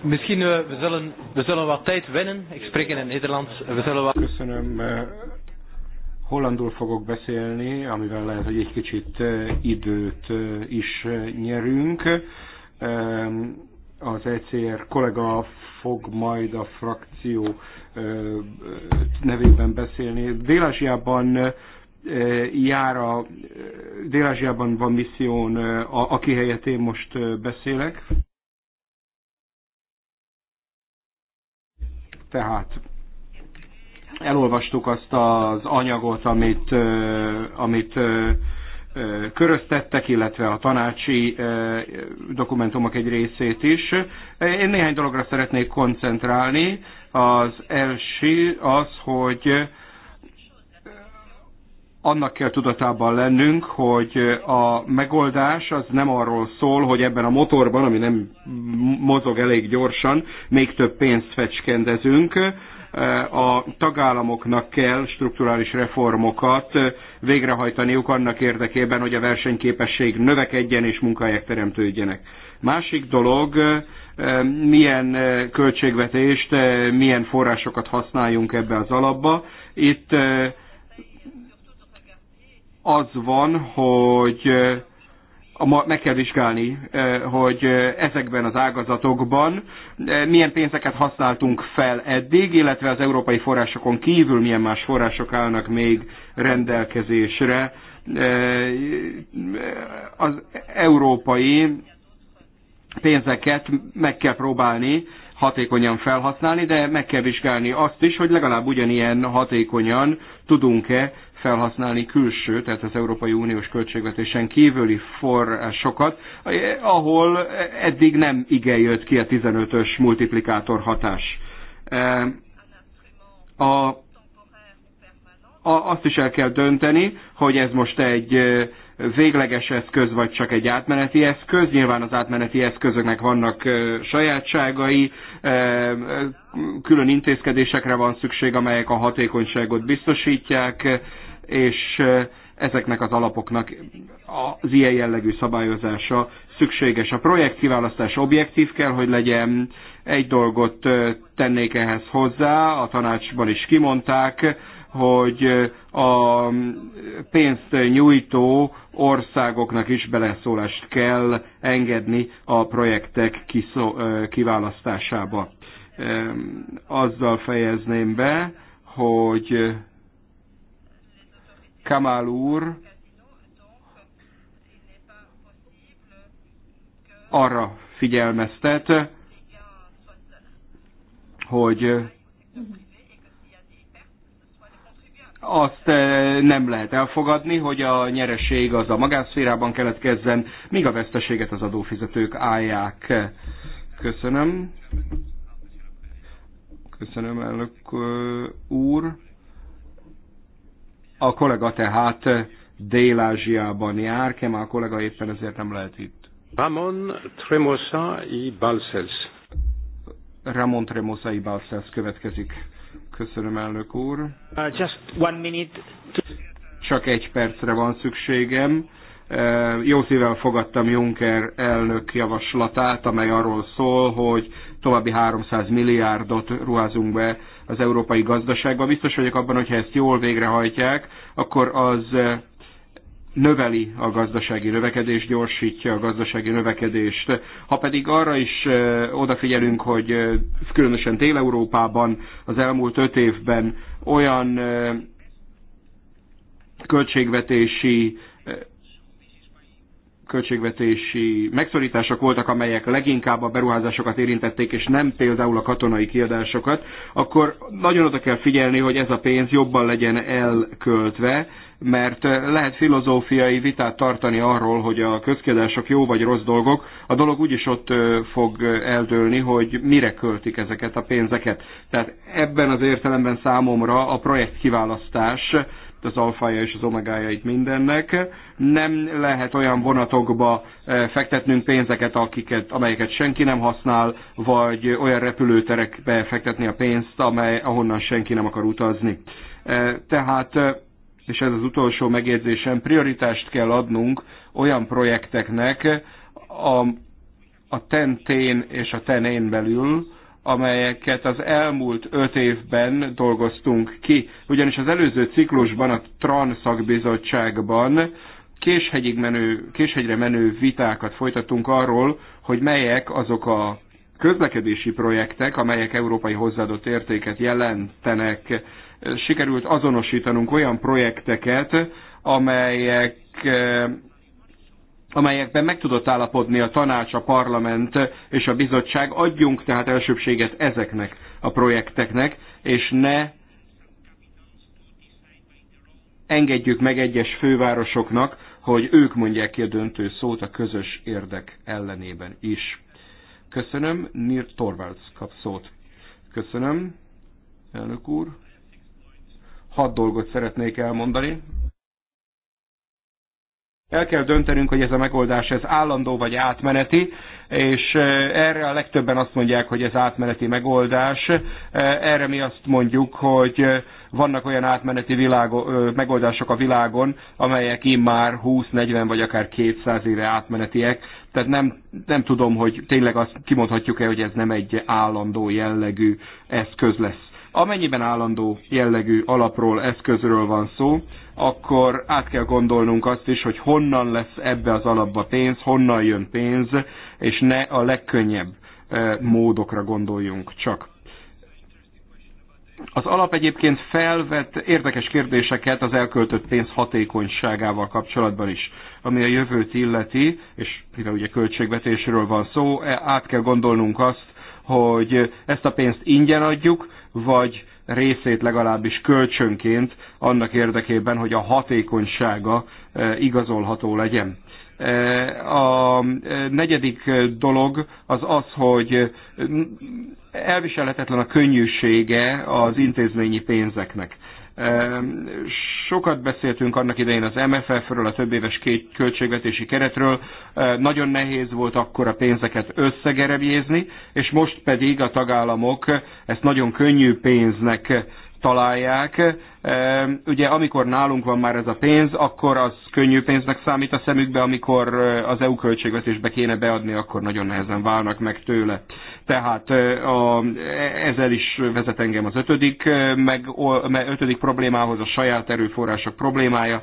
misschien uh, we, zullen, we zullen wat tijd winnen. Ik spreek in het Nederlands. We zullen wat... Köszönöm. Uh, hollandul fogok beszélni, amivel lehet, hogy egy kicsit uh, időt uh, is uh, nyerünk. Uh, az ECR kollega fog majd a frakció nevében beszélni. Dél-Ázsiában jár a, dél van misszión, aki helyett én most beszélek. Tehát elolvastuk azt az anyagot, amit, amit köröztettek, illetve a tanácsi dokumentumok egy részét is. Én néhány dologra szeretnék koncentrálni. Az első az, hogy annak kell tudatában lennünk, hogy a megoldás az nem arról szól, hogy ebben a motorban, ami nem mozog elég gyorsan, még több pénzt fecskendezünk, Eh, a tagállamoknak kell strukturális reformokat eh, végrehajtaniuk annak érdekében, hogy a versenyképesség növekedjen és munkahelyek teremtődjenek. Másik dolog, eh, milyen költségvetést, milyen forrásokat használjunk ebbe az alapba. Itt az van, hogy meg kell vizsgálni, eh, hogy eh, ezekben az ágazatokban eh, milyen pénzeket használtunk fel eddig, illetve az európai forrásokon kívül milyen más források állnak még rendelkezésre. Az európai pénzeket meg kell próbálni hatékonyan felhasználni, de meg kell vizsgálni azt is, hogy legalább ugyanilyen hatékonyan tudunk-e felhasználni külső, tehát az Európai Uniós költségvetésen kívüli forrásokat, ahol eddig nem igen jött ki a 15-ös multiplikátor hatás. E, a, a, azt is el kell dönteni, hogy ez most egy e, végleges eszköz, vagy csak egy átmeneti eszköz. Nyilván az átmeneti eszközöknek vannak e, sajátságai, külön intézkedésekre van szükség, amelyek a hatékonyságot biztosítják, és ezeknek az alapoknak az ilyen jellegű szabályozása szükséges. A projekt kiválasztás objektív kell, hogy legyen. Egy dolgot tennék ehhez hozzá, a tanácsban is kimondták, hogy a pénzt nyújtó országoknak is beleszólást kell engedni a projektek kiválasztásába. Azzal fejezném be, hogy Kamal úr arra figyelmeztet, hogy azt eh, nem lehet elfogadni, hogy a nyereség az a magánszférában keletkezzen, míg a veszteséget az adófizetők állják. Köszönöm. Köszönöm, elnök eh, úr. A kollega tehát eh, Dél-Ázsiában jár, Kemal kollega éppen ezért nem lehet itt. Ramon Tremosa i Balcells. Ramon Tremosa i Balcells következik. Köszönöm, elnök úr. Uh, just one minute. To... Csak egy percre van szükségem. Eh, jó szívvel fogadtam Juncker elnök javaslatát, amely arról szól, hogy további 300 milliárdot ruházunk be az európai gazdaságban Biztos vagyok abban, hogyha ezt jól végrehajtják, akkor az eh, növeli a gazdasági növekedést, gyorsítja a gazdasági növekedést. Ha pedig arra is eh, odafigyelünk, hogy eh, különösen tél európában az elmúlt öt évben olyan költségvetési költségvetési megszorítások voltak, amelyek leginkább a beruházásokat érintették, és nem például a katonai kiadásokat, akkor nagyon oda kell figyelni, hogy ez a pénz jobban legyen elköltve, mert lehet filozófiai vitát tartani arról, hogy a közkiadások jó vagy rossz dolgok, a dolog úgyis ott fog eldőlni, hogy mire költik ezeket a pénzeket. Tehát ebben az értelemben számomra a projekt kiválasztás az alfája és az omegája itt mindennek. Nem lehet olyan vonatokba eh, fektetnünk pénzeket, akiket, amelyeket senki nem használ, vagy olyan repülőterekbe fektetni a pénzt, amely, ahonnan senki nem akar utazni. Eh, tehát, eh, és ez az utolsó megjegyzésem, prioritást kell adnunk olyan projekteknek, a, a TEN-TÉN és a TEN-ÉN belül, amelyeket az elmúlt öt évben dolgoztunk ki. Ugyanis az előző ciklusban, a TRAN szakbizottságban késhegyig menő, késhegyre menő vitákat folytattunk arról, hogy melyek azok a közlekedési projektek, amelyek európai hozzáadott értéket jelentenek. Sikerült azonosítanunk olyan projekteket, amelyek amelyekben meg tudott állapodni a tanács, a parlament és a bizottság, adjunk tehát elsőbséget ezeknek a projekteknek, és ne engedjük meg egyes fővárosoknak, hogy ők mondják ki a döntő szót a közös érdek ellenében is. Köszönöm, Nir Torvalds kap szót. Köszönöm, elnök úr. Hat dolgot szeretnék elmondani. El kell döntenünk, hogy ez a megoldás ez állandó vagy átmeneti, és eh, erre a legtöbben azt mondják, hogy ez átmeneti megoldás. Eh, erre mi azt mondjuk, hogy eh, vannak olyan átmeneti világo, megoldások a világon, amelyek immár 20, 40 vagy akár 200 éve átmenetiek. Tehát nem, nem tudom, hogy tényleg azt kimondhatjuk-e, hogy ez nem egy állandó jellegű eszköz lesz. Amennyiben állandó jellegű alapról, eszközről van szó, akkor át kell gondolnunk azt is, hogy honnan lesz ebbe az alapba pénz, honnan jön pénz, és ne a legkönnyebb eh, módokra gondoljunk csak. Az alap egyébként felvet érdekes kérdéseket az elköltött pénz hatékonyságával kapcsolatban is, ami a jövőt illeti, és mivel ugye költségvetésről van szó, eh, át kell gondolnunk azt, hogy ezt a pénzt ingyen adjuk, vagy részét legalábbis kölcsönként annak érdekében, hogy a hatékonysága eh, igazolható legyen. Eh, a eh, negyedik dolog az az, hogy elviselhetetlen a könnyűsége az intézményi pénzeknek. Sokat beszéltünk annak idején az MFF-ről, a többéves költségvetési keretről. Nagyon nehéz volt akkor a pénzeket összegerebjézni, és most pedig a tagállamok ezt nagyon könnyű pénznek találják. Ugye amikor nálunk van már ez a pénz, akkor az könnyű pénznek számít a szemükbe, amikor az EU költségvetésbe kéne beadni, akkor nagyon nehezen válnak meg tőle. Tehát a, ezzel is vezet engem az ötödik, meg, ötödik problémához, a saját erőforrások problémája.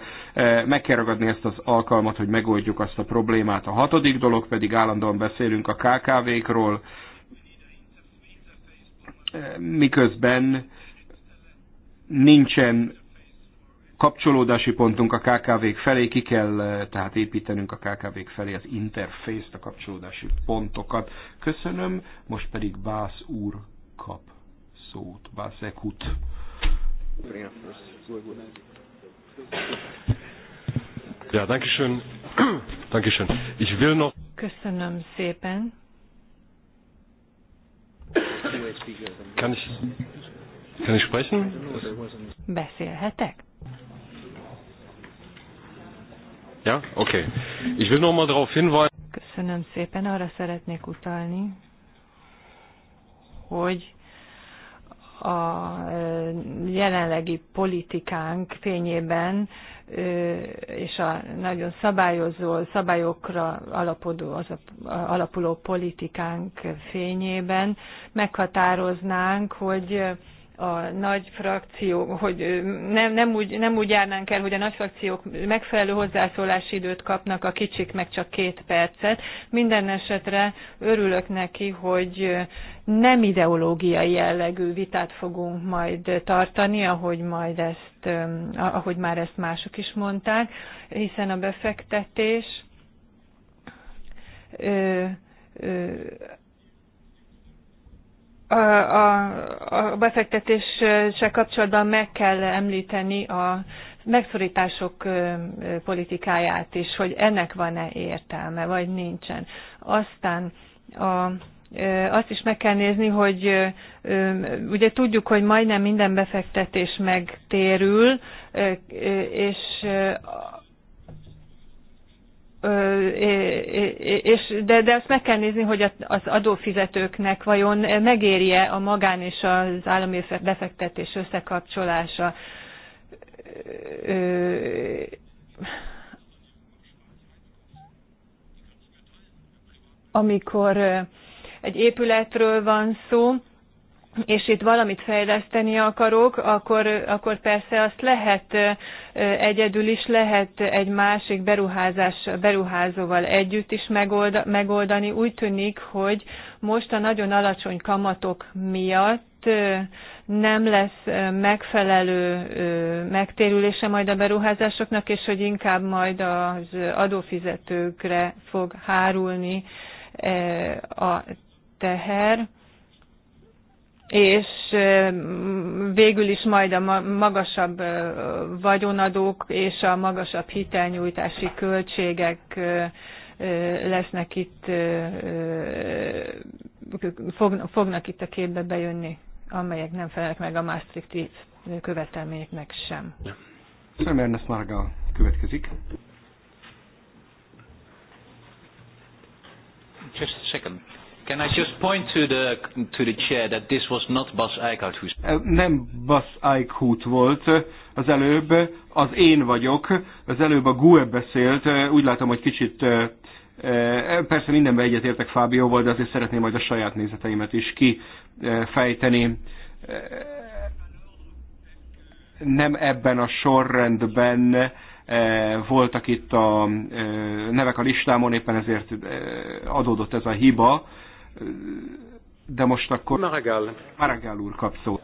Meg kell ragadni ezt az alkalmat, hogy megoldjuk azt a problémát. A hatodik dolog pedig állandóan beszélünk a KKV-król, miközben nincsen kapcsolódási pontunk a KKV-k felé, ki kell eh, tehát építenünk a KKV-k felé az interfészt, a kapcsolódási pontokat. Köszönöm, most pedig Bász úr kap szót, Bász Ekut. Ja, danke schön. Ich will noch... Köszönöm szépen. Kann ich... Kann ich sprechen? Beszélhetek? Ja, okay. Ich will nochmal darauf hinweisen. Köszönöm szépen, arra szeretnék utalni, hogy a jelenlegi politikánk fényében és a nagyon szabályozó, szabályokra alapodó, az a, alapuló politikánk fényében meghatároznánk, hogy a nagy frakció, hogy nem, nem, úgy, nem úgy járnánk el, hogy a nagy frakciók megfelelő hozzászólási időt kapnak, a kicsik meg csak két percet. Minden esetre örülök neki, hogy nem ideológiai jellegű vitát fogunk majd tartani, ahogy majd ezt, ahogy már ezt mások is mondták, hiszen a befektetés ö, ö, a, a, a befektetéssel kapcsolatban meg kell említeni a megszorítások politikáját is, hogy ennek van-e értelme, vagy nincsen. Aztán a, azt is meg kell nézni, hogy ugye tudjuk, hogy majdnem minden befektetés megtérül, és és, de, de azt meg kell nézni, hogy az adófizetőknek vajon megérje a magán és az állami befektetés összekapcsolása. Amikor egy épületről van szó, és itt valamit fejleszteni akarok, akkor, akkor persze azt lehet egyedül is, lehet egy másik beruházás, beruházóval együtt is megoldani. Úgy tűnik, hogy most a nagyon alacsony kamatok miatt nem lesz megfelelő megtérülése majd a beruházásoknak, és hogy inkább majd az adófizetőkre fog hárulni a teher és végül is majd a magasabb vagyonadók és a magasabb hitelnyújtási költségek lesznek itt, fognak itt a képbe bejönni, amelyek nem felelnek meg a maastricht követelményeknek sem. Köszönöm, Ernest Marga következik. Just a second. Can I just point to the, to the chair that this was not Bas Eichhout who uh, Nem Bas Eichhout volt uh, az előbb, az én vagyok. Az előbb a GUE beszélt, uh, úgy látom, hogy kicsit Persze mindenben egyetértek Fábióval, de azért szeretném majd a saját nézeteimet is kifejteni. Nem ebben a sorrendben voltak itt a nevek a listámon, éppen ezért adódott ez a hiba. De most akkor... Maragall. Maragall úr kap szót.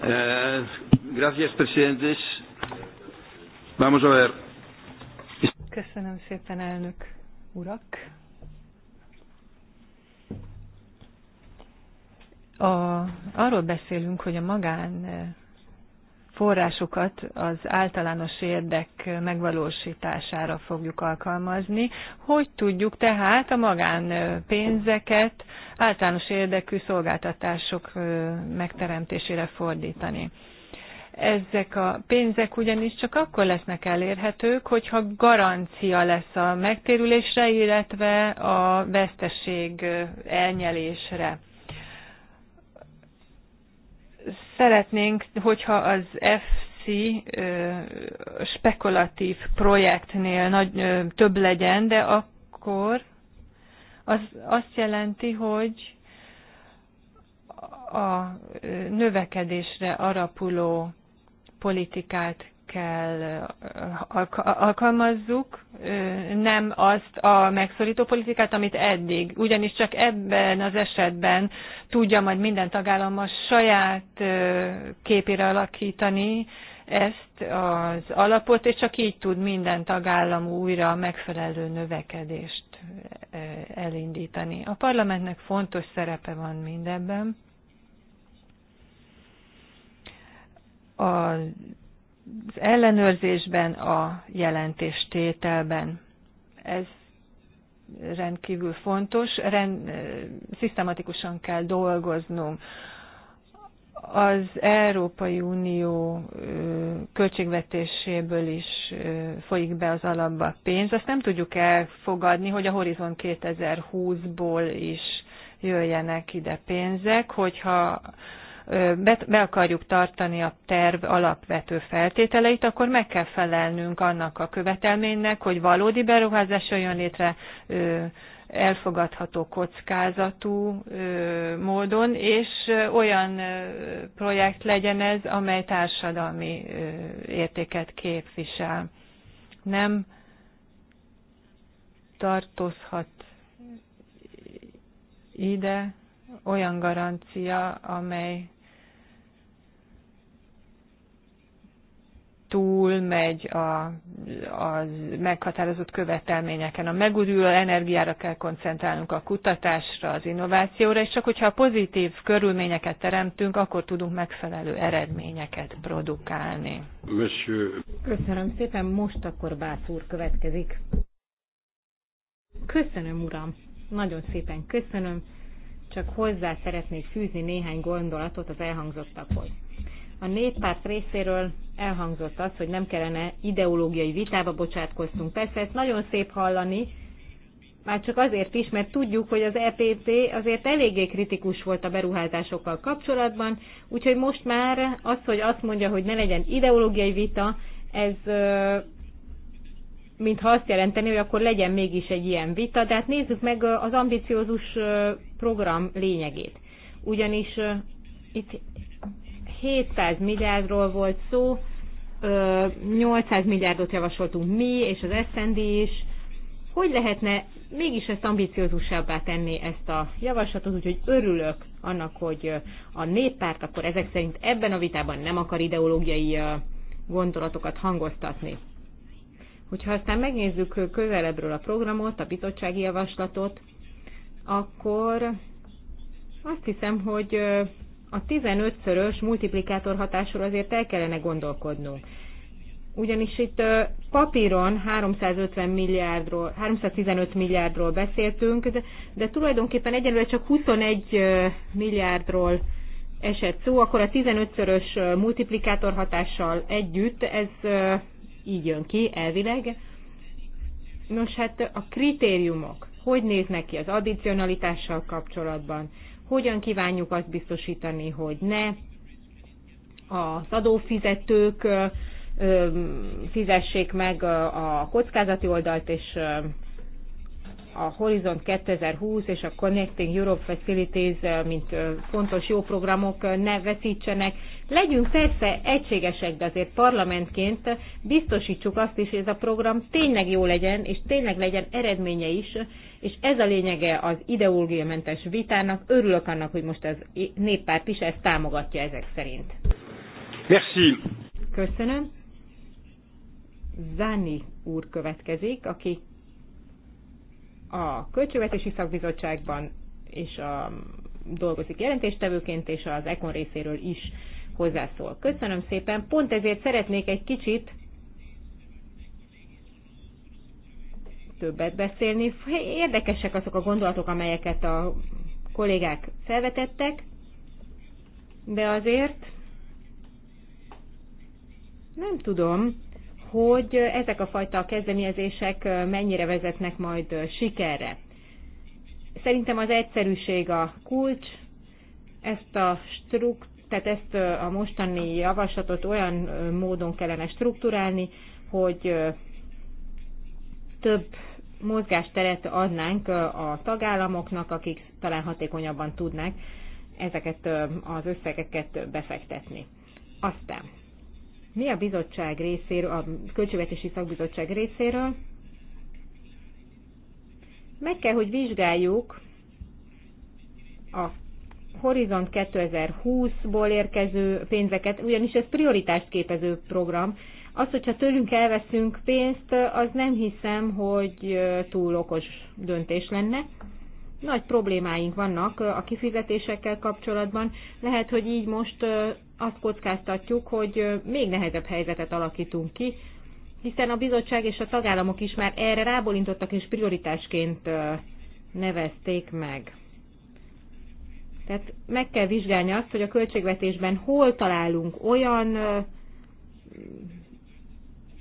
Eh, gracias, presidentes. Vamos a ver. Köszönöm szépen, elnök urak. A, arról beszélünk, hogy a magán eh, forrásokat az általános érdek megvalósítására fogjuk alkalmazni. Hogy tudjuk tehát a magánpénzeket általános érdekű szolgáltatások megteremtésére fordítani? ezek a pénzek ugyanis csak akkor lesznek elérhetők, hogyha garancia lesz a megtérülésre, illetve a veszteség elnyelésre. Szeretnénk, hogyha az FC spekulatív projektnél nagy, több legyen, de akkor az azt jelenti, hogy a növekedésre arapuló politikát kell alkalmazzuk, nem azt a megszorító politikát, amit eddig. Ugyanis csak ebben az esetben tudja majd minden tagállam a saját képére alakítani ezt az alapot, és csak így tud minden tagállam újra megfelelő növekedést elindítani. A parlamentnek fontos szerepe van mindebben. A ellenőrzésben, a jelentéstételben. Ez rendkívül fontos, rend, szisztematikusan kell dolgoznunk. Az Európai Unió költségvetéséből is folyik be az alapba pénz. Azt nem tudjuk elfogadni, hogy a Horizon 2020-ból is jöjjenek ide pénzek, hogyha be akarjuk tartani a terv alapvető feltételeit, akkor meg kell felelnünk annak a követelménynek, hogy valódi beruházás jön létre elfogadható kockázatú módon, és olyan projekt legyen ez, amely társadalmi értéket képvisel. Nem tartozhat ide olyan garancia, amely túl megy a, a meghatározott követelményeken. A megújuló energiára kell koncentrálnunk a kutatásra, az innovációra, és csak hogyha pozitív körülményeket teremtünk, akkor tudunk megfelelő eredményeket produkálni. Köszönöm szépen, most akkor Bász úr következik. Köszönöm, uram. Nagyon szépen köszönöm. Csak hozzá szeretnék fűzni néhány gondolatot az elhangzottakhoz. A néppárt részéről elhangzott az, hogy nem kellene ideológiai vitába bocsátkoztunk. Persze ezt nagyon szép hallani, már csak azért is, mert tudjuk, hogy az EPP azért eléggé kritikus volt a beruházásokkal kapcsolatban, úgyhogy most már az, hogy azt mondja, hogy ne legyen ideológiai vita, ez mintha azt jelenteni, hogy akkor legyen mégis egy ilyen vita, de hát nézzük meg az ambiciózus program lényegét. Ugyanis itt 700 milliárdról volt szó, 800 milliárdot javasoltunk mi és az SND is. Hogy lehetne mégis ezt ambiciózusabbá tenni ezt a javaslatot, úgyhogy örülök annak, hogy a néppárt akkor ezek szerint ebben a vitában nem akar ideológiai gondolatokat hangoztatni. Hogyha aztán megnézzük közelebbről a programot, a bizottsági javaslatot, akkor azt hiszem, hogy a 15-szörös multiplikátor hatásról azért el kellene gondolkodnunk. Ugyanis itt papíron 350 milliárdról, 315 milliárdról beszéltünk, de, de tulajdonképpen egyenlőre csak 21 milliárdról esett szó, akkor a 15-szörös multiplikátor hatással együtt ez így jön ki elvileg. Nos, hát a kritériumok hogy néznek ki az addicionalitással kapcsolatban, hogyan kívánjuk azt biztosítani, hogy ne az adófizetők fizessék meg a kockázati oldalt, és a Horizon 2020 és a Connecting Europe Facilities, eh, mint eh, fontos jó programok eh, ne veszítsenek. Legyünk persze egységesek, de azért parlamentként biztosítsuk azt is, hogy ez a program tényleg jó legyen, és tényleg legyen eredménye is, és ez a lényege az ideológiamentes vitának. Örülök annak, hogy most az néppárt is ezt támogatja ezek szerint. Merci. Köszönöm. Zani úr következik, aki a Költségvetési Szakbizottságban és a, dolgozik jelentéstevőként, és az EKON részéről is hozzászól. Köszönöm szépen, pont ezért szeretnék egy kicsit többet beszélni. Érdekesek azok a gondolatok, amelyeket a kollégák felvetettek, de azért nem tudom, hogy ezek a fajta kezdeményezések mennyire vezetnek majd sikerre. Szerintem az egyszerűség a kulcs, ezt a struktúrát, tehát ezt a mostani javaslatot olyan módon kellene struktúrálni, hogy több mozgásteret adnánk a tagállamoknak, akik talán hatékonyabban tudnák ezeket az összegeket befektetni. Aztán mi a bizottság részéről, a Költségvetési Szakbizottság részéről? Meg kell, hogy vizsgáljuk a Horizont 2020-ból érkező pénzeket, ugyanis ez prioritást képező program. Az, hogyha tőlünk elveszünk pénzt, az nem hiszem, hogy túl okos döntés lenne nagy problémáink vannak a kifizetésekkel kapcsolatban. Lehet, hogy így most azt kockáztatjuk, hogy még nehezebb helyzetet alakítunk ki, hiszen a bizottság és a tagállamok is már erre rábólintottak és prioritásként nevezték meg. Tehát meg kell vizsgálni azt, hogy a költségvetésben hol találunk olyan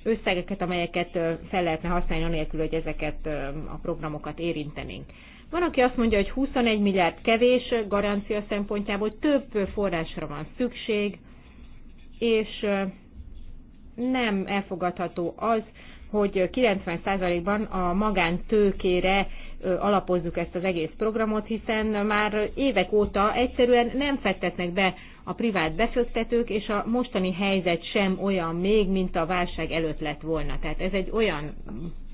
összegeket, amelyeket fel lehetne használni, anélkül, hogy ezeket a programokat érintenénk. Van, aki azt mondja, hogy 21 milliárd kevés, garancia szempontjából több forrásra van szükség, és nem elfogadható az, hogy 90%-ban a magántőkére alapozzuk ezt az egész programot, hiszen már évek óta egyszerűen nem fektetnek be a privát befektetők, és a mostani helyzet sem olyan még, mint a válság előtt lett volna. Tehát ez egy olyan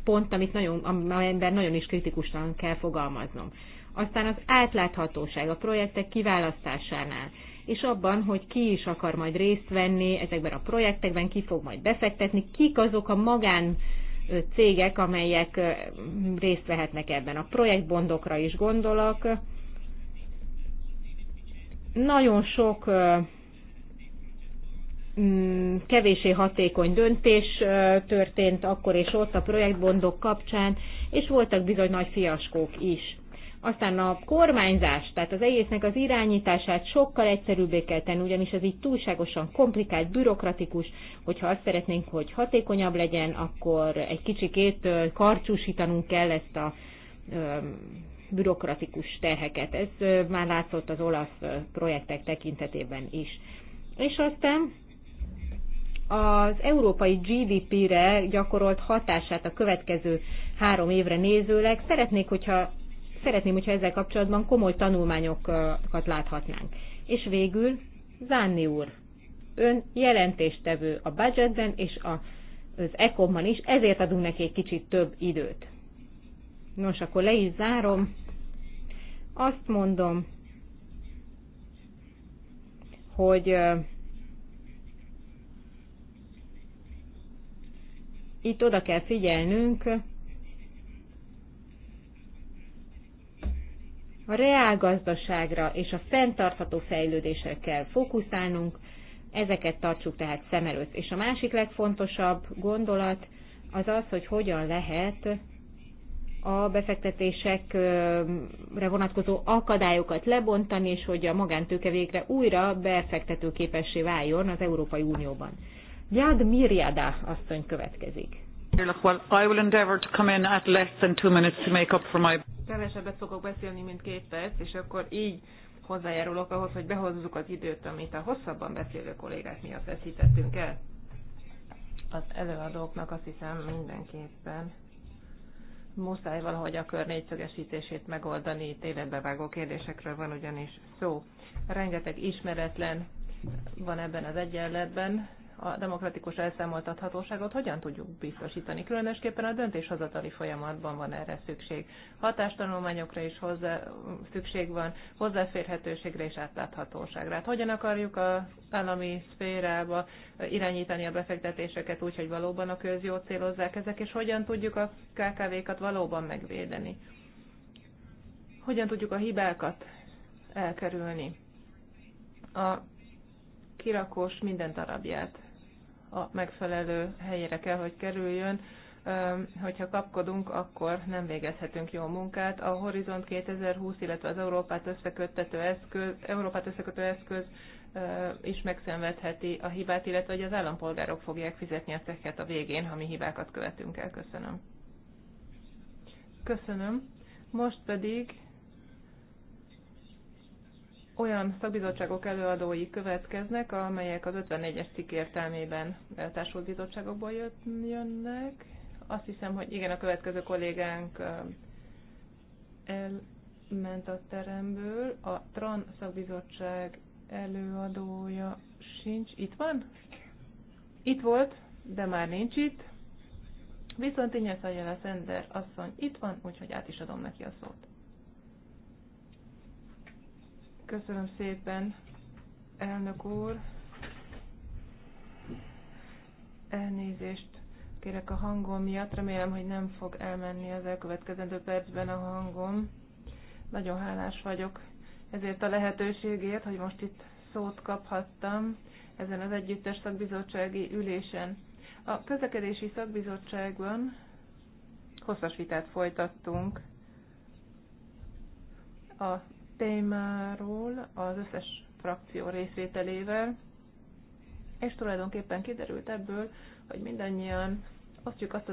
pont, amit nagyon, amelyben nagyon is kritikusan kell fogalmaznom. Aztán az átláthatóság a projektek kiválasztásánál, és abban, hogy ki is akar majd részt venni ezekben a projektekben, ki fog majd befektetni, kik azok a magán cégek, amelyek részt vehetnek ebben. A projektbondokra is gondolok. Nagyon sok Mm, kevésé hatékony döntés történt akkor és ott a projektbondok kapcsán, és voltak bizony nagy fiaskók is. Aztán a kormányzás, tehát az egésznek az irányítását sokkal egyszerűbbé kell tenni, ugyanis ez így túlságosan komplikált, bürokratikus, hogyha azt szeretnénk, hogy hatékonyabb legyen, akkor egy kicsikét karcsúsítanunk kell ezt a bürokratikus terheket. Ez már látszott az olasz projektek tekintetében is. És aztán az európai GDP-re gyakorolt hatását a következő három évre nézőleg. Szeretnék, hogyha, szeretném, hogyha ezzel kapcsolatban komoly tanulmányokat láthatnánk. És végül Zánni úr, ön jelentéstevő a budgetben és a, az ECOM-ban is, ezért adunk neki egy kicsit több időt. Nos, akkor le is zárom. Azt mondom, hogy itt oda kell figyelnünk a reálgazdaságra és a fenntartható fejlődésre kell fókuszálnunk, ezeket tartsuk tehát szem előtt. És a másik legfontosabb gondolat az az, hogy hogyan lehet a befektetésekre vonatkozó akadályokat lebontani, és hogy a magántőke végre újra befektetőképessé váljon az Európai Unióban. Yad Miriada asszony következik. Well, I will endeavor to come in at less than two minutes to make up for my... Kevesebbet fogok beszélni, mint két perc, és akkor így hozzájárulok ahhoz, hogy behozzuk az időt, amit a hosszabban beszélő kollégák miatt veszítettünk el. Az előadóknak azt hiszem mindenképpen muszáj valahogy a kör négyszögesítését megoldani, tévedbevágó kérdésekről van ugyanis szó. Rengeteg ismeretlen van ebben az egyenletben, a demokratikus elszámoltathatóságot hogyan tudjuk biztosítani. Különösképpen a döntéshozatali folyamatban van erre szükség. Hatástanulmányokra is hozzá, szükség van, hozzáférhetőségre és átláthatóságra. Hát hogyan akarjuk az állami szférába irányítani a befektetéseket úgy, hogy valóban a közjó célozzák ezek, és hogyan tudjuk a KKV-kat valóban megvédeni. Hogyan tudjuk a hibákat elkerülni. A kirakós minden darabját a megfelelő helyére kell, hogy kerüljön. Hogyha kapkodunk, akkor nem végezhetünk jó munkát. A Horizont 2020, illetve az Európát összeköttető eszköz, Európát összekötő eszköz is megszenvedheti a hibát, illetve hogy az állampolgárok fogják fizetni a ceket a végén, ha mi hibákat követünk el. Köszönöm. Köszönöm. Most pedig olyan szakbizottságok előadói következnek, amelyek az 54-es cikk értelmében társult bizottságokból jönnek. Azt hiszem, hogy igen, a következő kollégánk elment a teremből. A TRAN szakbizottság előadója sincs. Itt van? Itt volt, de már nincs itt. Viszont Inés Ajala Szender asszony itt van, úgyhogy át is adom neki a szót. Köszönöm szépen, elnök úr. Elnézést kérek a hangom miatt, remélem, hogy nem fog elmenni az elkövetkezendő percben a hangom. Nagyon hálás vagyok ezért a lehetőségért, hogy most itt szót kaphattam ezen az együttes szakbizottsági ülésen. A közlekedési szakbizottságban hosszas vitát folytattunk a témáról az összes frakció részvételével, és tulajdonképpen kiderült ebből, hogy mindannyian osztjuk azt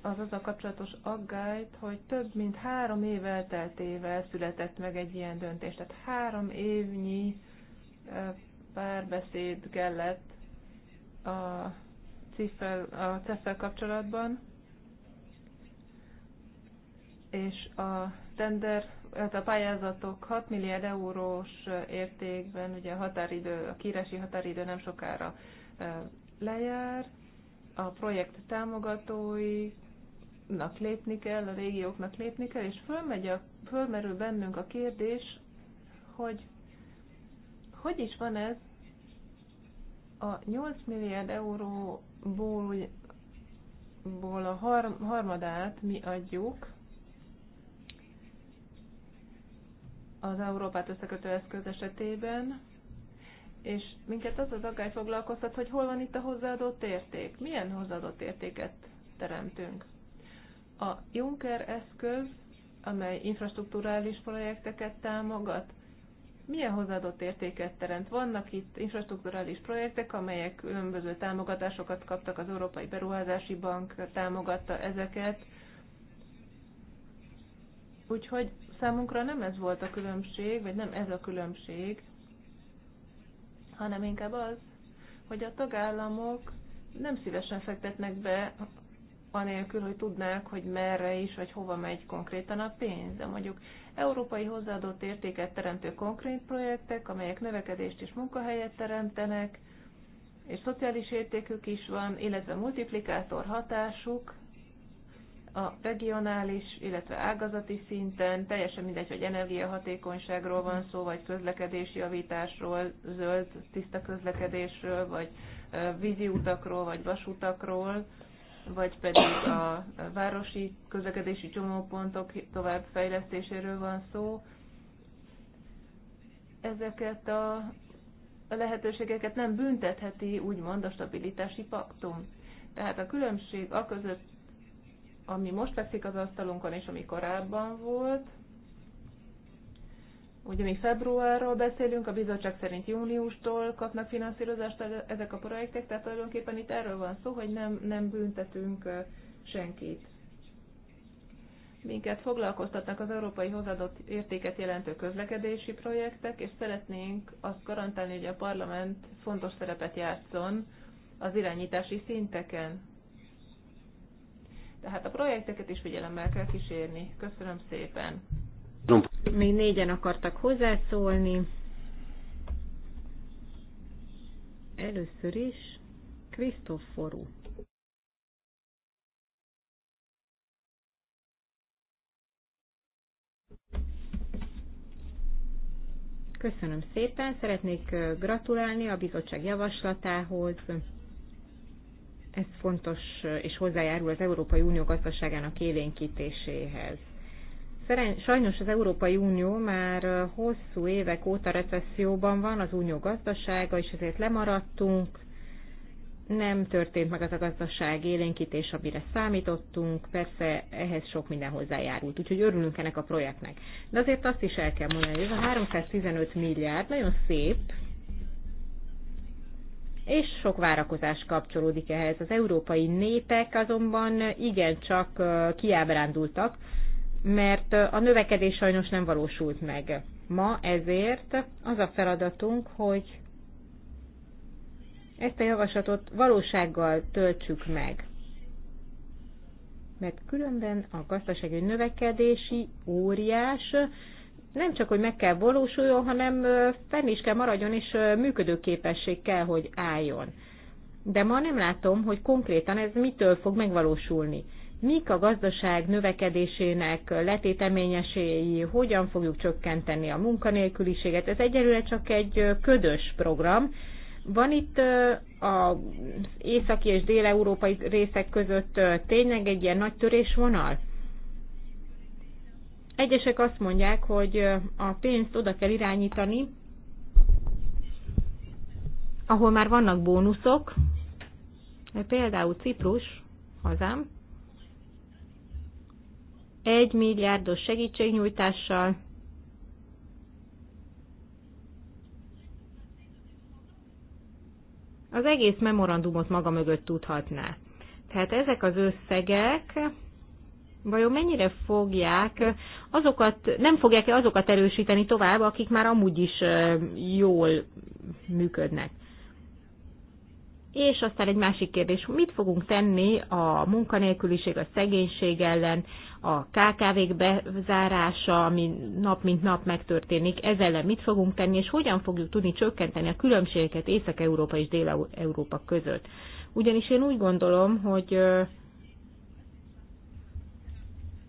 az az a kapcsolatos aggályt, hogy több mint három év elteltével született meg egy ilyen döntés. Tehát három évnyi párbeszéd kellett a CIF-fel, a CEF-fel kapcsolatban, és a tender a pályázatok 6 milliárd eurós értékben, ugye a határidő, a kírási határidő nem sokára lejár, a projekt támogatóinak lépni kell, a régióknak lépni kell, és fölmegy a, fölmerül bennünk a kérdés, hogy hogy is van ez a 8 milliárd euróból ból a harmadát mi adjuk, az Európát összekötő eszköz esetében, és minket az az aggály foglalkoztat, hogy hol van itt a hozzáadott érték, milyen hozzáadott értéket teremtünk. A Juncker eszköz, amely infrastruktúrális projekteket támogat, milyen hozzáadott értéket teremt? Vannak itt infrastruktúrális projektek, amelyek különböző támogatásokat kaptak, az Európai Beruházási Bank támogatta ezeket. Úgyhogy Számunkra nem ez volt a különbség, vagy nem ez a különbség, hanem inkább az, hogy a tagállamok nem szívesen fektetnek be anélkül, hogy tudnák, hogy merre is, vagy hova megy konkrétan a pénz. De mondjuk európai hozzáadott értéket teremtő konkrét projektek, amelyek növekedést és munkahelyet teremtenek, és szociális értékük is van, illetve multiplikátor hatásuk, a regionális, illetve ágazati szinten, teljesen mindegy, hogy energiahatékonyságról van szó, vagy közlekedési javításról, zöld, tiszta közlekedésről, vagy vízi utakról, vagy vasutakról, vagy pedig a városi közlekedési csomópontok továbbfejlesztéséről van szó. Ezeket a lehetőségeket nem büntetheti úgymond a stabilitási paktum. Tehát a különbség a között ami most fekszik az asztalunkon, és ami korábban volt, Ugye mi februárról beszélünk, a bizottság szerint júniustól kapnak finanszírozást e- ezek a projektek, tehát tulajdonképpen itt erről van szó, hogy nem, nem büntetünk senkit. Minket foglalkoztatnak az európai hozadott értéket jelentő közlekedési projektek, és szeretnénk azt garantálni, hogy a parlament fontos szerepet játszon az irányítási szinteken. Tehát a projekteket is figyelemmel kell kísérni. Köszönöm szépen. Még négyen akartak hozzászólni. Először is Krisztoforú. Köszönöm szépen, szeretnék gratulálni a bizottság javaslatához ez fontos eh, és hozzájárul az Európai Unió gazdaságának élénkítéséhez. Sajnos az Európai Unió már eh, hosszú évek óta recesszióban van, az unió gazdasága, és ezért lemaradtunk, nem történt meg az a gazdaság élénkítés, amire számítottunk, persze ehhez sok minden hozzájárult, úgyhogy örülünk ennek a projektnek. De azért azt is el kell mondani, hogy ez a 315 milliárd nagyon szép, és sok várakozás kapcsolódik ehhez. Az európai népek azonban igencsak kiábrándultak, mert a növekedés sajnos nem valósult meg. Ma ezért az a feladatunk, hogy ezt a javaslatot valósággal töltsük meg. Mert különben a gazdasági növekedési óriás nem csak, hogy meg kell valósuljon, hanem fenn is kell maradjon, és működőképesség kell, hogy álljon. De ma nem látom, hogy konkrétan ez mitől fog megvalósulni. Mik a gazdaság növekedésének letéteményeséi, hogyan fogjuk csökkenteni a munkanélküliséget. Ez egyelőre csak egy ködös program. Van itt az északi és déleurópai részek között tényleg egy ilyen nagy törésvonal? Egyesek azt mondják, hogy a pénzt oda kell irányítani, ahol már vannak bónuszok, például Ciprus, hazám, egy milliárdos segítségnyújtással az egész memorandumot maga mögött tudhatná. Tehát ezek az összegek vajon mennyire fogják azokat, nem fogják-e azokat erősíteni tovább, akik már amúgy is jól működnek. És aztán egy másik kérdés, mit fogunk tenni a munkanélküliség, a szegénység ellen, a KKV-k bezárása, ami nap mint nap megtörténik, ez ellen mit fogunk tenni, és hogyan fogjuk tudni csökkenteni a különbségeket Észak-Európa és Dél-Európa között. Ugyanis én úgy gondolom, hogy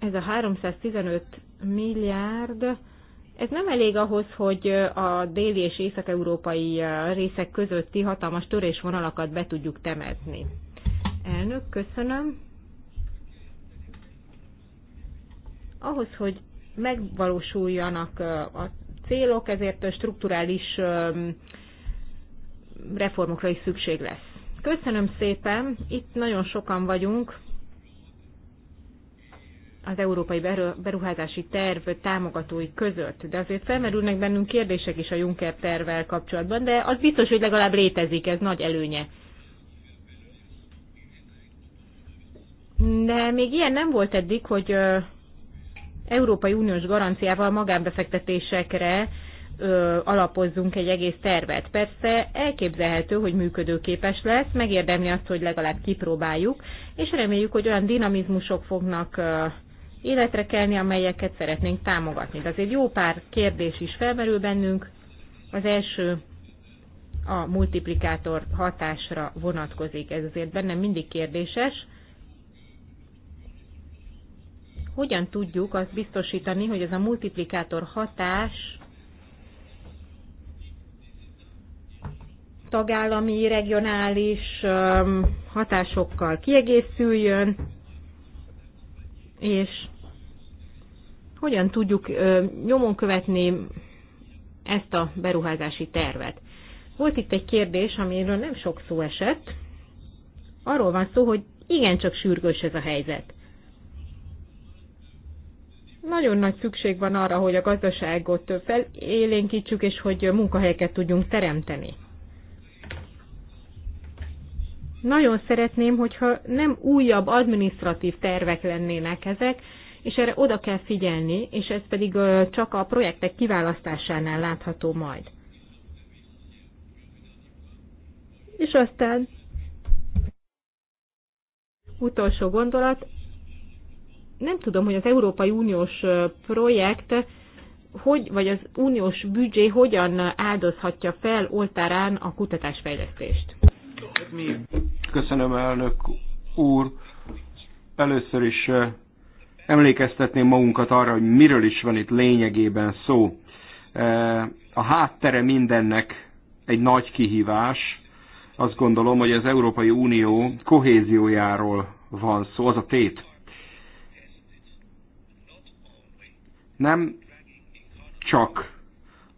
ez a 315 milliárd, ez nem elég ahhoz, hogy a déli és észak-európai részek közötti hatalmas törésvonalakat be tudjuk temetni. Elnök, köszönöm. Ahhoz, hogy megvalósuljanak a célok, ezért strukturális reformokra is szükség lesz. Köszönöm szépen, itt nagyon sokan vagyunk, az Európai Beruházási Terv támogatói között. De azért felmerülnek bennünk kérdések is a Juncker tervvel kapcsolatban, de az biztos, hogy legalább létezik, ez nagy előnye. De még ilyen nem volt eddig, hogy Európai Uniós garanciával magánbefektetésekre ö, alapozzunk egy egész tervet. Persze elképzelhető, hogy működőképes lesz, megérdemli azt, hogy legalább kipróbáljuk, és reméljük, hogy olyan dinamizmusok fognak életre kelni, amelyeket szeretnénk támogatni. De azért jó pár kérdés is felmerül bennünk. Az első a multiplikátor hatásra vonatkozik. Ez azért bennem mindig kérdéses. Hogyan tudjuk azt biztosítani, hogy ez a multiplikátor hatás tagállami, regionális hatásokkal kiegészüljön, és hogyan tudjuk nyomon követni ezt a beruházási tervet. Volt itt egy kérdés, amiről nem sok szó esett. Arról van szó, hogy igencsak sürgős ez a helyzet. Nagyon nagy szükség van arra, hogy a gazdaságot felélénkítsük, és hogy munkahelyeket tudjunk teremteni. Nagyon szeretném, hogyha nem újabb administratív tervek lennének ezek, és erre oda kell figyelni, és ez pedig csak a projektek kiválasztásánál látható majd. És aztán utolsó gondolat, nem tudom, hogy az Európai Uniós projekt, hogy, vagy az uniós büdzsé hogyan áldozhatja fel oltárán a kutatásfejlesztést. Köszönöm, elnök úr. Először is Emlékeztetném magunkat arra, hogy miről is van itt lényegében szó. E, a háttere mindennek egy nagy kihívás. Azt gondolom, hogy az Európai Unió kohéziójáról van szó, az a tét. Nem csak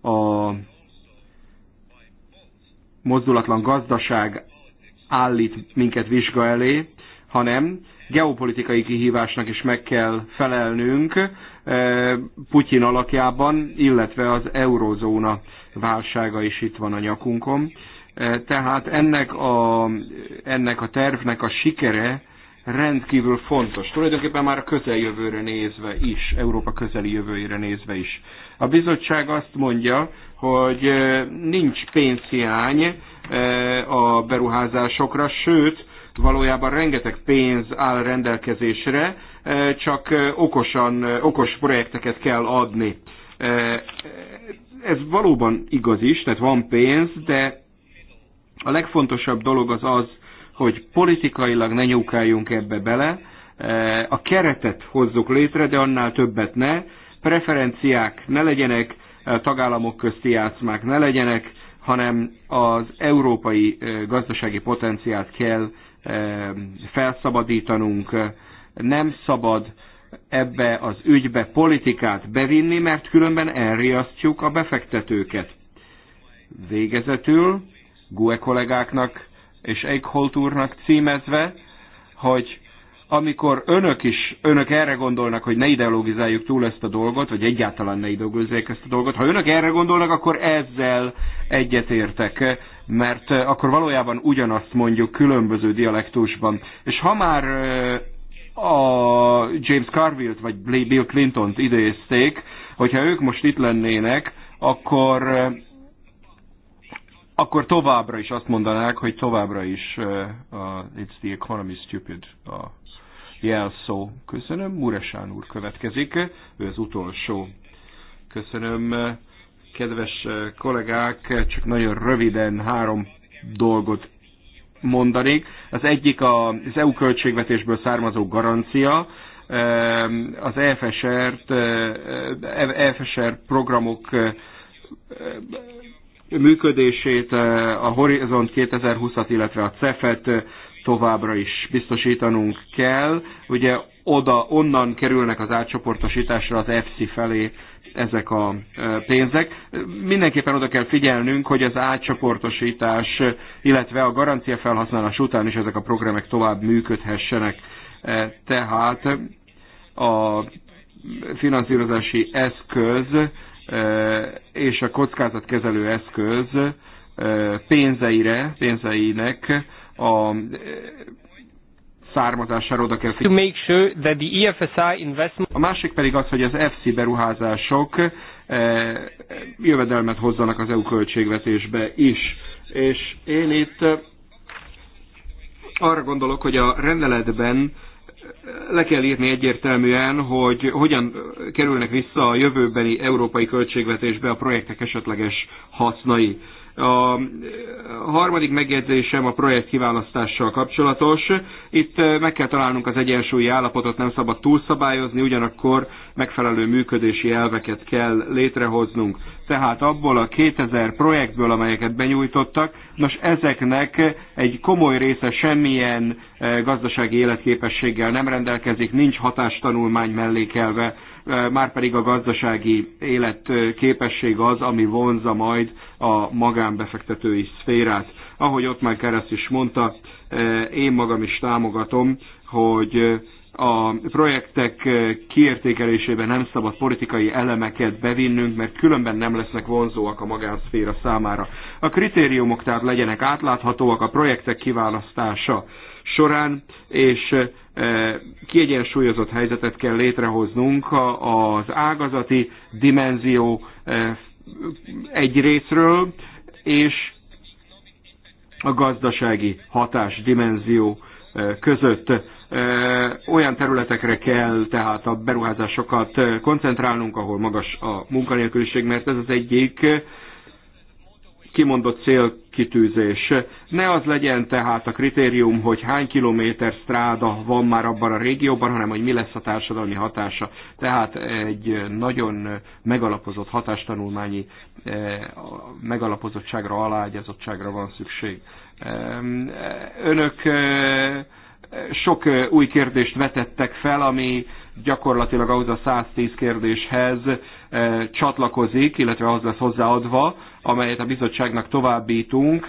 a mozdulatlan gazdaság állít minket vizsga elé, hanem geopolitikai kihívásnak is meg kell felelnünk eh, Putyin alakjában, illetve az eurozóna válsága is itt van a nyakunkon. Eh, tehát ennek a, ennek a tervnek a sikere rendkívül fontos. Tulajdonképpen már a közeljövőre nézve is, Európa közeli jövőjére nézve is. A bizottság azt mondja, hogy eh, nincs pénzhiány a beruházásokra, sőt, valójában rengeteg pénz áll rendelkezésre, e, csak e, okosan, e, okos projekteket kell adni. Ez valóban igaz is, tehát van pénz, de a legfontosabb dolog az az, hogy politikailag ne nyúkáljunk ebbe bele, a keretet hozzuk létre, de annál többet ne, preferenciák ne legyenek, tagállamok közti játszmák ne legyenek, hanem az európai gazdasági potenciált kell Ehm, felszabadítanunk. Nem szabad ebbe az ügybe politikát bevinni, mert különben elriasztjuk a befektetőket. Végezetül GUE kollégáknak és Eichholt úrnak címezve, hogy amikor önök is, önök erre gondolnak, hogy ne ideologizáljuk túl ezt a dolgot, vagy egyáltalán ne ideologizáljuk ezt a dolgot, ha önök erre gondolnak, akkor ezzel egyetértek mert akkor valójában ugyanazt mondjuk különböző dialektusban. És ha már a James Carville-t vagy Bill Clinton-t idézték, hogyha ők most itt lennének, akkor akkor továbbra is azt mondanák, hogy továbbra is uh, uh, it's the economy stupid a jelszó. Köszönöm, Muresán úr következik, ő az utolsó. Köszönöm, Kedves eh, kollégák, csak nagyon röviden három dolgot mondanék. Az egyik az EU költségvetésből származó garancia, eh, az EFSR-t, EFSR eh, e programok működését, a Horizont 2020-at, illetve a CEF-et továbbra is biztosítanunk kell. Ugye oda, onnan kerülnek az átcsoportosításra az EFSI felé ezek a pénzek. Mindenképpen oda kell figyelnünk, hogy az átcsoportosítás, illetve a garancia felhasználás után is ezek a programek tovább működhessenek. E, tehát a finanszírozási eszköz e, és a kockázatkezelő eszköz e, pénzeire, pénzeinek a származására oda kell figyelni. E a másik pedig az, hogy az FC beruházások eh, jövedelmet hozzanak az EU költségvetésbe is. És én itt eh, arra gondolok, hogy a rendeletben eh, le kell írni egyértelműen, hogy hogyan kerülnek vissza a jövőbeni európai költségvetésbe a projektek esetleges hasznai. A harmadik megjegyzésem a projekt kiválasztással kapcsolatos. Itt eh, meg kell találnunk az egyensúlyi állapotot, nem szabad túlszabályozni, ugyanakkor megfelelő működési elveket kell létrehoznunk. Tehát abból a 2000 projektből, amelyeket benyújtottak, nos ezeknek egy komoly része semmilyen eh, gazdasági életképességgel nem rendelkezik, nincs hatástanulmány mellékelve már pedig a gazdasági élet képesség az, ami vonza majd a magánbefektetői szférát. Ahogy ott már Kereszt is mondta, én magam is támogatom, hogy a projektek kiértékelésében nem szabad politikai elemeket bevinnünk, mert különben nem lesznek vonzóak a magánszféra számára. A kritériumok tehát legyenek átláthatóak a projektek kiválasztása során, és kiegyensúlyozott helyzetet kell létrehoznunk az ágazati dimenzió egy részről, és a gazdasági hatás dimenzió között olyan területekre kell tehát a beruházásokat koncentrálnunk, ahol magas a munkanélküliség, mert ez az egyik kimondott célkitűzés. Ne az legyen tehát a kritérium, hogy hány kilométer stráda van már abban a régióban, hanem hogy mi lesz a társadalmi hatása. Tehát egy nagyon megalapozott hatástanulmányi eh, megalapozottságra, aláágyazottságra van szükség. Eh, önök eh, sok új kérdést vetettek fel, ami gyakorlatilag ahhoz a 110 kérdéshez csatlakozik, illetve az lesz hozzáadva, amelyet a bizottságnak továbbítunk.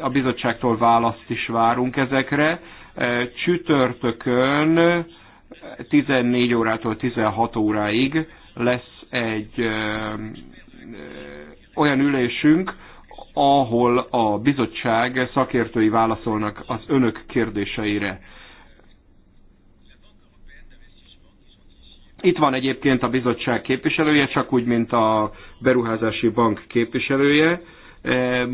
A bizottságtól választ is várunk ezekre. Csütörtökön 14 órától 16 óráig lesz egy olyan ülésünk, ahol a bizottság szakértői válaszolnak az önök kérdéseire. Itt van egyébként a bizottság képviselője, csak úgy, mint a beruházási bank képviselője. E,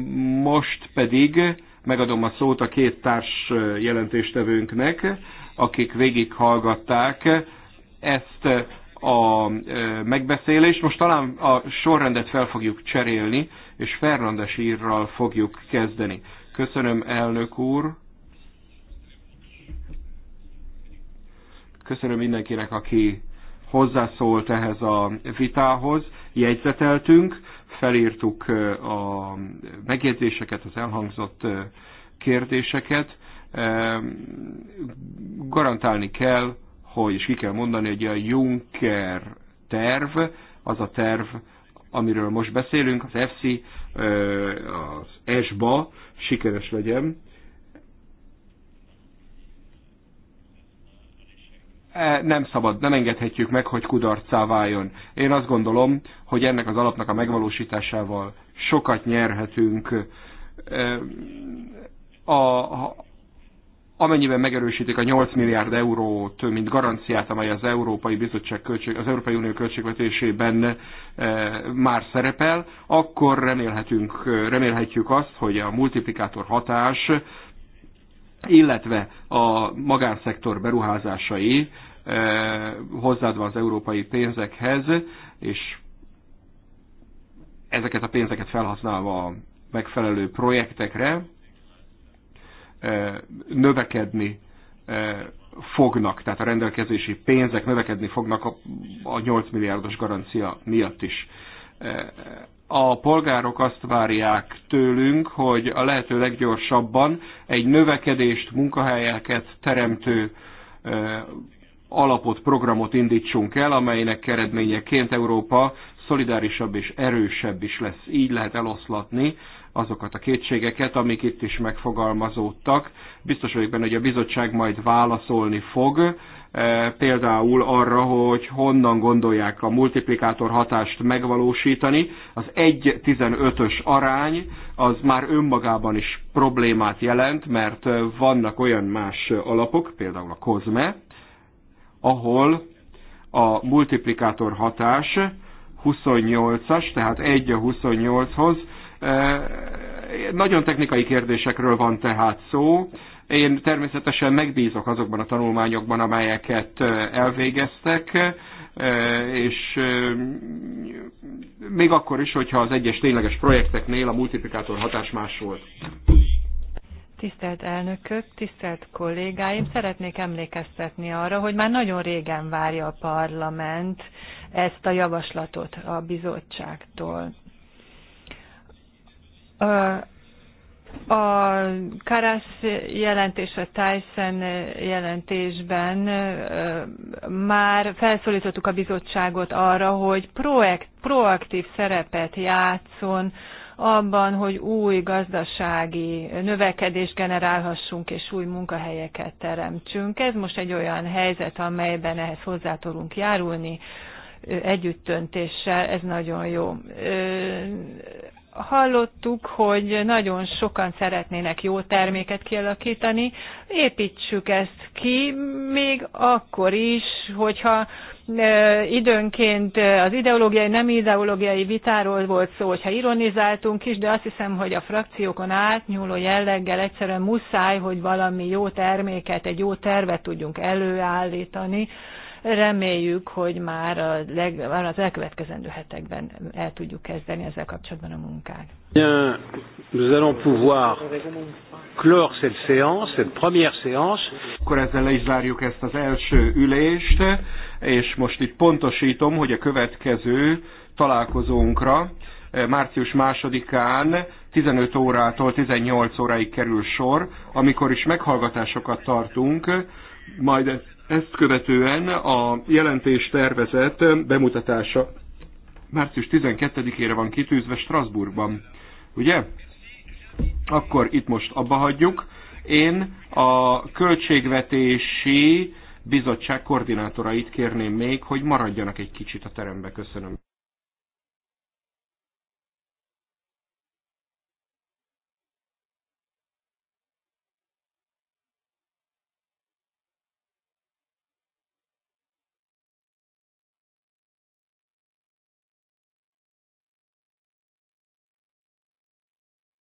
most pedig megadom a szót a két társ jelentéstevőnknek, akik végighallgatták ezt a e, megbeszélést. Most talán a sorrendet fel fogjuk cserélni, és Fernandes írral fogjuk kezdeni. Köszönöm, elnök úr! Köszönöm mindenkinek, aki hozzászólt ehhez a vitához, jegyzeteltünk, felírtuk a megjegyzéseket, az elhangzott kérdéseket. Garantálni kell, hogy, is ki kell mondani, hogy a Juncker terv, az a terv, amiről most beszélünk, az EFSI, az ESBA sikeres legyen, E, nem szabad, nem engedhetjük meg, hogy kudarcá váljon. Én azt gondolom, hogy ennek az alapnak a megvalósításával sokat nyerhetünk. E, a, amennyiben megerősítik a 8 milliárd eurót, mint garanciát, amely az Európai Bizottság költség, az Európai Unió költségvetésében e, már szerepel, akkor remélhetünk, remélhetjük azt, hogy a multiplikátor hatás illetve a magánszektor beruházásai eh, hozzáadva az európai pénzekhez, és ezeket a pénzeket felhasználva a megfelelő projektekre eh, növekedni eh, fognak, tehát a rendelkezési pénzek növekedni fognak a 8 milliárdos garancia miatt is a polgárok azt várják tőlünk, hogy a lehető leggyorsabban egy növekedést, munkahelyeket teremtő alapot, programot indítsunk el, amelynek eredményeként Európa szolidárisabb és erősebb is lesz. Így lehet eloszlatni azokat a kétségeket, amik itt is megfogalmazódtak. Biztos vagyok benne, hogy a bizottság majd válaszolni fog Eh, például arra, hogy honnan gondolják a multiplikátor hatást megvalósítani. Az 1-15-ös arány az már önmagában is problémát jelent, mert vannak olyan más alapok, például a COSME, ahol a multiplikátor hatás 28-as, tehát 1 a 28-hoz. Eh, nagyon technikai kérdésekről van tehát szó, én természetesen megbízok azokban a tanulmányokban, amelyeket elvégeztek, és még akkor is, hogyha az egyes tényleges projekteknél a multiplikátor hatás más volt. Tisztelt elnökök, tisztelt kollégáim, szeretnék emlékeztetni arra, hogy már nagyon régen várja a parlament ezt a javaslatot a bizottságtól a Karasz jelentés, a Tyson jelentésben már felszólítottuk a bizottságot arra, hogy projekt, proaktív szerepet játszon abban, hogy új gazdasági növekedést generálhassunk és új munkahelyeket teremtsünk. Ez most egy olyan helyzet, amelyben ehhez hozzá tudunk járulni együttöntéssel, ez nagyon jó hallottuk, hogy nagyon sokan szeretnének jó terméket kialakítani. Építsük ezt ki, még akkor is, hogyha e, időnként az ideológiai, nem ideológiai vitáról volt szó, hogyha ironizáltunk is, de azt hiszem, hogy a frakciókon átnyúló jelleggel egyszerűen muszáj, hogy valami jó terméket, egy jó tervet tudjunk előállítani, Reméljük, hogy már, a leg, már az elkövetkezendő hetekben el tudjuk kezdeni ezzel kapcsolatban a munkát. Bien, nous allons pouvoir clore cette séance, cette première séance. Akkor ezzel le is zárjuk ezt az első ülést, és most itt pontosítom, hogy a következő találkozónkra eh, március másodikán 15 órától 18 óráig kerül sor, amikor is meghallgatásokat tartunk, majd ezt követően a jelentés tervezett bemutatása március 12-ére van kitűzve Strasbourgban, ugye? Akkor itt most abba hagyjuk. Én a költségvetési bizottság koordinátorait kérném még, hogy maradjanak egy kicsit a terembe. Köszönöm.